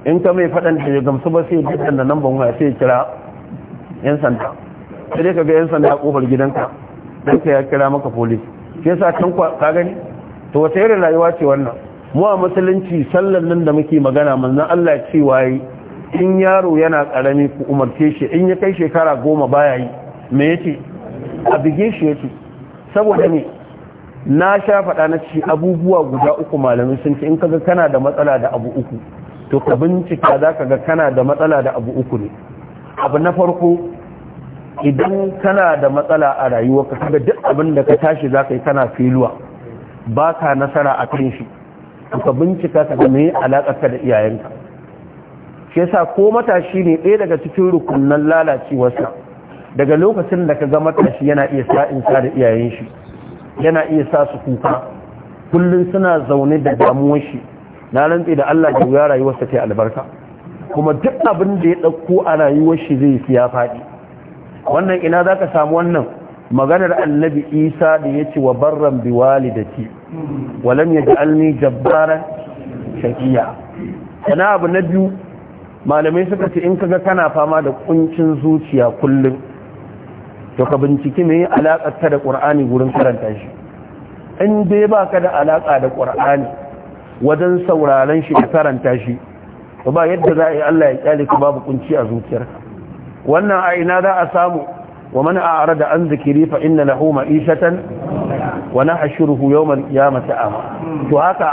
[SPEAKER 1] in ka mai faɗan da ya gamsu ba sai duk da nan ban waya sai kira yan sanda sai dai ka ga yan sanda a kofar gidanka dan ka ya kira maka police shi sa can ka gani to wata irin rayuwa ce wannan mu a musulunci sallan nan da muke magana manzon Allah ce waye in yaro yana karami ku umarce shi in ya kai shekara goma baya yi me yace a bige shi yace saboda ne na sha faɗa na ci abubuwa guda uku malamin sun ce in kaga kana da matsala da abu uku to ka bincika za ka ga kana da matsala da abu uku ne abu na farko idan kana da matsala a rayuwa ka duk abin da ka tashi za ka yi kana filuwa ba ka nasara a kan shi ka bincika ka game alaƙarka da iyayenka shi yasa ko matashi ne ɗaya daga cikin rukunan lalacewarsa daga lokacin da ka ga matashi yana iya sa in sa da iyayen shi yana iya sa su kuka kullum suna zaune da damuwar shi na rantsi da Allah ya rayuwarsa ta albarka kuma duk abin da ya ɗauko a rayuwar shi zai siya faɗi wannan ina za ka samu wannan maganar annabi isa da ya ce wa barran bi walidati walam ya ja'alni jabbaran shafiya sana abu na biyu malamai suka ce in kaga kana fama da kuncin zuciya kullum to ka binciki mai alaƙar ta da ƙur'ani wurin karanta shi in dai ba ka da alaƙa da ƙur'ani wajen sauraron shi da karanta shi ba ba yadda za a yi Allah ya kyale ka babu kunci a zuciyarka wannan a ina za a samu wa man a'rada an zikiri fa inna lahu ma'ishatan wa nahshuruhu yawmal qiyamati ama to haka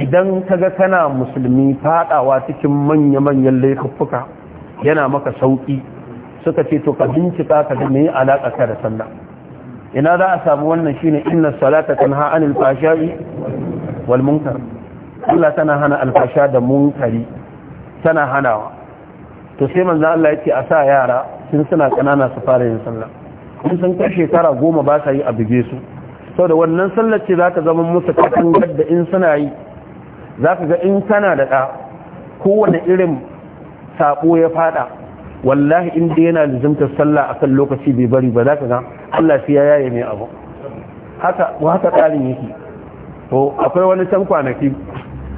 [SPEAKER 1] idan kaga kana musulmi fadawa cikin manya-manyan laifuffuka yana maka sauki suka ce to ka bincika ka da me alaka ka da sallah ina za a samu wannan shine inna salata tanha anil fashai wal munkar Allah tana hana alfasha da munkari tana hanawa to sai manzo Allah yake a sa yara sun suna kanana su fara yin sallah in san kai shekara goma ba sa yi a buge su saboda wannan sallar ce za zama musu katangar da in suna yi za ga in kana da ɗa kowane irin sabo ya fada wallahi in dai yana lazimta sallah akan lokaci bai bari ba za ka ga Allah ya yaye ne abu haka haka tsarin yake to akwai wani can kwanaki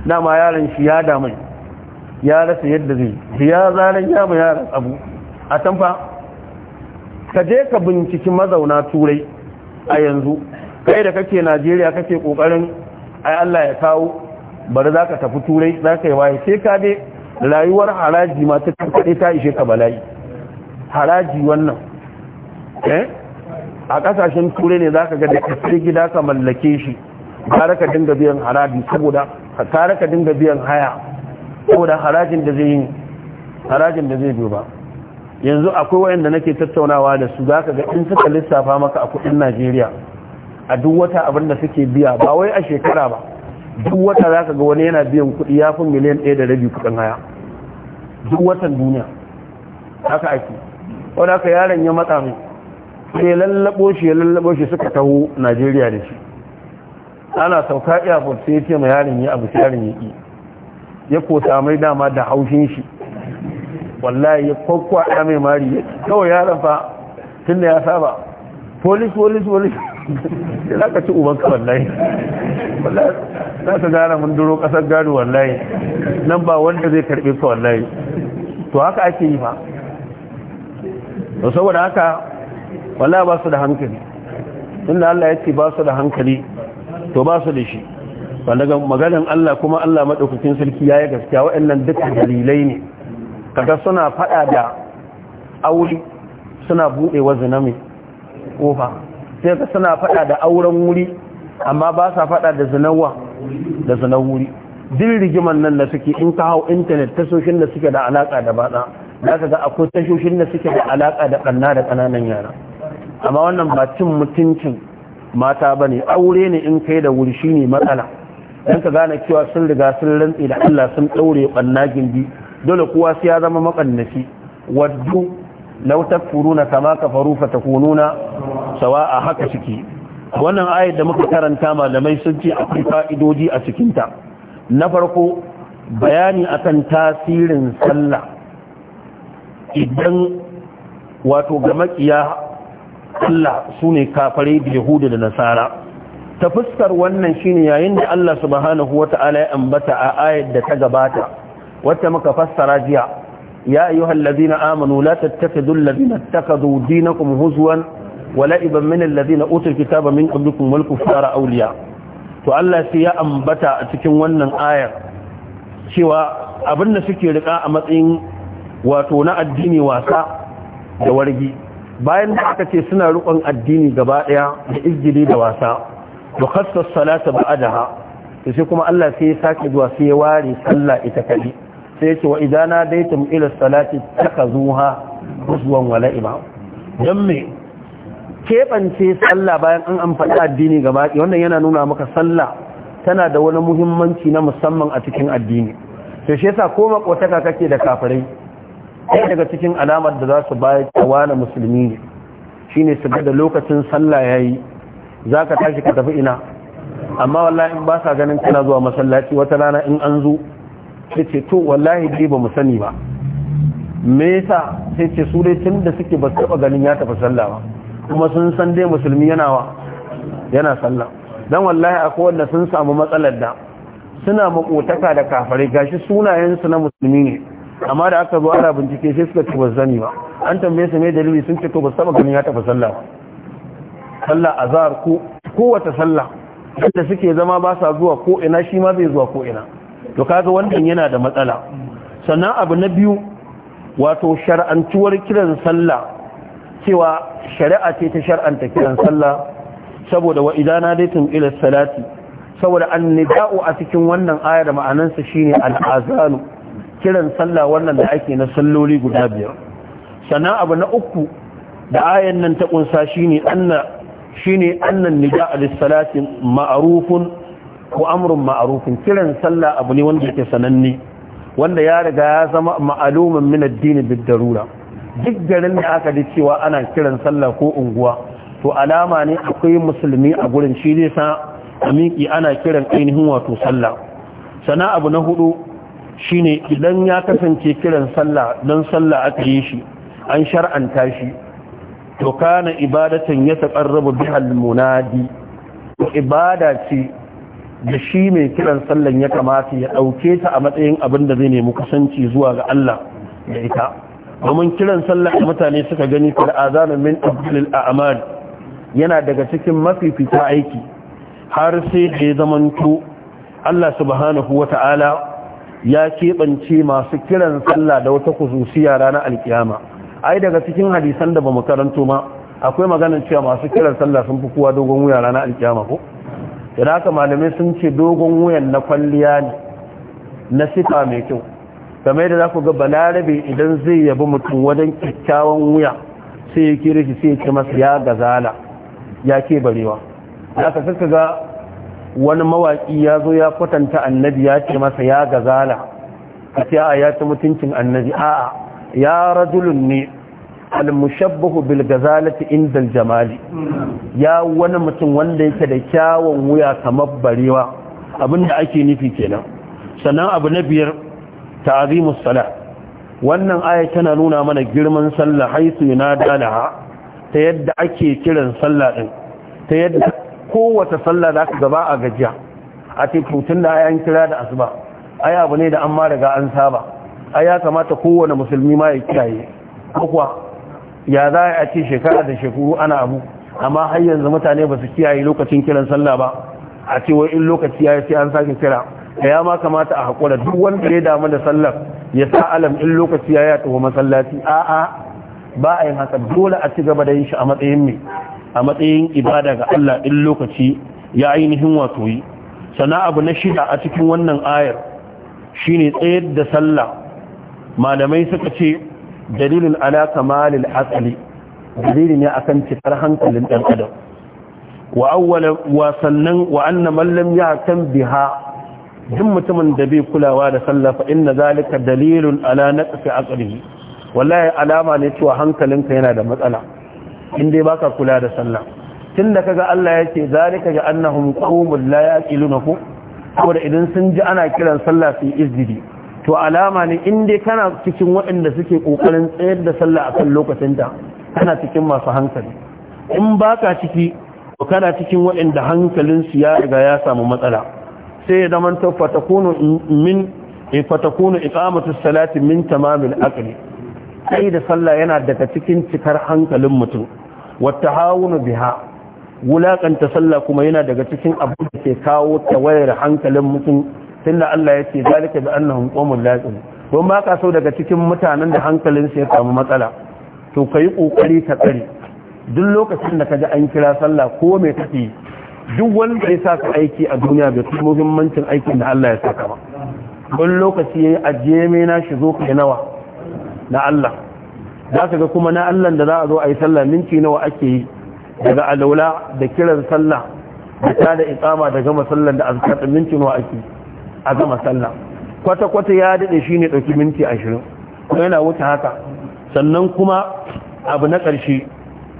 [SPEAKER 1] dama yaron shi ya damai ya rasa yadda zai ya zanen ya mu yaron abu a tamfa ka je ka binciki mazauna turai a yanzu kai da kake najeriya kake kokarin ai allah ya kawo bari za ka tafi turai za ka yi waye sai ka dai rayuwar haraji ma ta kaɗe ta ishe ka bala'i haraji wannan eh? a ƙasashen turai ne za ka ga da kasar gida ka mallake shi gara ka dinga biyan haraji saboda tare ka dinga biyan haya da harajin da zai yi harajin da zai biyo ba yanzu akwai wayanda nake tattaunawa da su zaka ga in suka lissafa maka a kudin Najeriya a duk wata abin da suke biya ba wai a shekara ba duk wata zaka ga wani yana biyan kudi ya fi miliyan 1 da rabi kudin haya duk watan duniya haka ake wanda ka yaron ya matsa mai sai lallabo shi ya lallabo shi suka taho Najeriya da shi ana sauka airport sai ya ce ma yarin yi abu sai yarin ya ki ya kota dama da haushin shi wallahi ya kwakwa ya mai mari kawai ya rafa tun da ya saba polis polis polis ya za ka ci wallaye wallahi za ka gane mun duro kasar gado wallahi nan ba wanda zai karbe ka wallahi to haka ake yi ba to saboda haka wallahi ba su da hankali inda Allah ya ce ba su da hankali to ba su da shi ga maganin Allah kuma Allah maɗaukakin sarki ya yi gaskiya waɗannan duka dalilai ne kaga suna faɗa da aure suna buɗe wa zinami ƙofa sai ka suna faɗa da auren wuri amma ba sa faɗa da zinawa da zinan wuri din rigiman nan da suke in ka hau intanet tashoshin da suke da alaƙa da baɗa za ka ga akwai tashoshin da suke da alaƙa da ƙanna da ƙananan yara amma wannan ba cin mutuncin mata ba ne aure ne in kai da wuri shi ne matsala don ka gane cewa sun riga sun rantsi da Allah sun ɗaure ɓanna gindi dole kowa sai ya zama maƙannaci waddu furu na kama ka faru kununa. Sawa a haka suke wannan ayat da muka karanta malamai sun ce akwai fa'idoji a cikin ta na farko bayani akan tasirin sallah idan wato ga makiya Allah su ne kafare da yahudu da nasara ta fuskar wannan shine yayin da Allah subhanahu wata'ala ya ambata a ayar da ta gabata Wata muka fassara jiya ya ayyuhal ladina amanu la tattakhidhu alladhina ittakhadhu dinakum huzwan wa la'iban min alladhina utul kitaba min qablikum wal fara awliya to Allah sai ya ambata a cikin wannan ayar cewa abin da suke rika a matsayin wato na addini wasa da wargi bayan da aka ce suna rukun addini gaba daya da izgili da wasa bukassas salata ba'adaha to sai kuma Allah sai ya sake zuwa sai ya ware sallah ita kadi sai yace wa idana daitum ila salati takazuha uswan wala ima dan me kebance sallah bayan an amfani addini gaba daya wannan yana nuna maka sallah tana da wani muhimmanci na musamman a cikin addini to shi yasa ko makotaka kake da kafirai ɗaya daga cikin alamar da za su bayar cewa na musulmi ne shine su da lokacin sallah ya yi, za ka tashi ka tafi ina amma wallahi in ba sa ganin kana zuwa masallaci wata rana in an zo sai ce to wallahi ji ba mu sani ba me yasa sai ce su dai tun da suke ba taba ganin ya tafi sallah ba kuma sun san dai musulmi yana wa yana sallah dan wallahi akwai wanda sun samu matsalar da suna makotaka da kafare gashi sunayen su na musulmi ne amma da aka zo ana bincike sai suka ce ba ba an tambaye su mai dalili sun ce to ba saba ganin ya tafi sallah ba sallah azhar ko kowace sallah wanda suke zama ba sa zuwa ko ina shi ma zai zuwa ko ina to kaga wannan yana da matsala sannan abu na biyu wato shar'antuwar kiran sallah cewa shari'a ce ta shar'anta kiran sallah saboda wa idana daitum ila salati saboda annida'u a cikin wannan ayar da ma'anansa shine al'azanu kiran sallah wannan da ake na salloli guda biyar sannan abu na uku da ayan nan ta kunsa shine annan nida al-salati ko amrun maarufin. kiran sallah abu ne wanda yake sananne wanda ya riga ya zama ma'alumin min addini biddarura. darura duk garin da aka ji cewa ana kiran sallah ko unguwa to alama ne akwai musulmi a gurin shi zai sa a ana kiran ainihin wato sallah sana abu na hudu shine idan ya kasance kiran sallah don sallah aka yi shi an shar'anta shi to kana ibadatan ya taqarrabu bihal munadi ibada ce da shi mai kiran sallan ya kamata ya dauke ta a matsayin abin da zai nemi kusanci zuwa ga Allah da ita domin kiran sallah mutane suka gani fil azan min ibdil a'mal yana daga cikin mafifita aiki har sai da ya zamanto Allah subhanahu wata'ala ya keɓance masu kiran sallah da wata kuzusiya ranar alkiyama ai daga cikin hadisan da ba mu karanto ma akwai maganin cewa masu kiran sallah sun fi kowa dogon wuya ranar alkiyama ko da haka malamai sun ce dogon wuyan na kwalliya ne na sifa mai kyau kamar da za ku ga balarabe idan zai yabi mutum wajen kyakkyawan wuya sai ya kira shi sai ya ce masa ya gazala ya ke barewa haka ka ga wani mawaƙi ya zo ya kwatanta annabi ya ce masa ya gazala a ce a ya ci mutuncin annabi a'a ya rajulun ne al-mushabbahu bil gazalati inda jamali ya wani mutum wanda yake da kyawun wuya kamar barewa abinda ake nufi kenan sannan abu na biyar ta'azimu sala wannan aya tana nuna mana girman sallah haisu yana dalaha ta yadda ake kiran sallah din ta yadda kowace sallah za ka gaba a gajiya a ce tutun da ayan kira da asuba ai abu ne da an ma daga an saba ai ya kamata kowane musulmi ma ya kiyaye kuwa ya za a ce shekara da shekaru ana abu amma har yanzu mutane ba su kiyaye lokacin kiran sallah ba a ce wai in lokaci ya sai an sake kira ya ma kamata a hakura duk wanda ya damu da sallar ya sa alam in lokaci ya ya tafi masallaci a'a ba a yin haka dole a ci gaba da yin shi a matsayin mai a matsayin ibada ga Allah in lokaci ya ainihin wato yi sana abu na shida a cikin wannan ayar shine tsayar da sallah malamai suka ce dalilin ala kamalil asali dalili ne akan cikar hankalin dan adam wa awwala wa sannan wa anna man lam ya'tam biha duk mutumin da bai kulawa da sallah fa inna zalika dalilun ala naqsi aqlihi wallahi alama ne cewa hankalinka yana da matsala in dai baka kula da sallah tun da kaga Allah ya ce zalika ga annahum qawmun la yaqilunahu da idan sun ji ana kiran sallah su izdidi to alama ne in dai kana cikin waɗanda suke kokarin tsayar da sallah akan lokacin da kana cikin masu hankali in baka ciki to kana cikin waɗanda hankalin su ya riga ya samu matsala sai ya zama to fatakunu min eh, fatakunu iqamatu salati min tamamil aqli sai da sallah yana daga cikin cikar hankalin mutum wata hawunu biha wulakanta sallah kuma yana daga cikin abin da ke kawo tawayar hankalin mutum tunda Allah ya ce zalika bi annahum qawmun laqin don ba ka so daga cikin mutanen da hankalin su ya samu matsala to kai kokari ka tsare duk lokacin da kaji an kira sallah ko me take duk wanda ya saka aiki a duniya bai kuma muhimmancin aikin da Allah ya saka ba don lokaci yayi ajiye na shi zo kai nawa na Allah za ka ga kuma na Allah da za a zo a yi sallah minti nawa ake yi daga alaula da kiran sallah da ta da iqama da gama sallah da azkar minti nawa ake a gama sallah kwata kwata ya dade shine dauki minti 20 kuma yana wuce haka sannan kuma abu na ƙarshe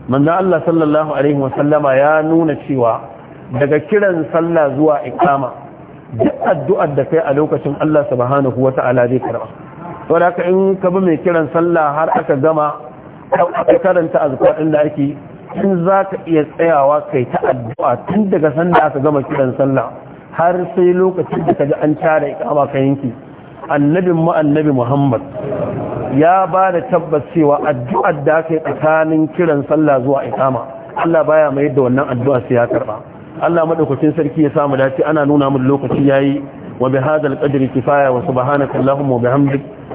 [SPEAKER 1] manzo Allah sallallahu alaihi sallama ya nuna cewa daga kiran sallah zuwa ikama duk addu'ar da kai a lokacin Allah subhanahu wata'ala zai karba wadda aka in ka bi mai kiran sallah har aka gama aka karanta azkar din da ake in za ka iya tsayawa kai ta addu'a tun daga sanda aka gama kiran sallah har sai lokacin da ka ji an tara ikama ka yanki annabin mu annabi muhammad ya ba da tabbas cewa addu'ar da aka yi tsakanin kiran sallah zuwa ikama Allah baya mai da wannan addu'a sai ya karba Allah madaukakin sarki ya samu dace ana nuna min lokaci yayi wa bihadal qadri kifaya wa subhanaka allahumma wa bihamdika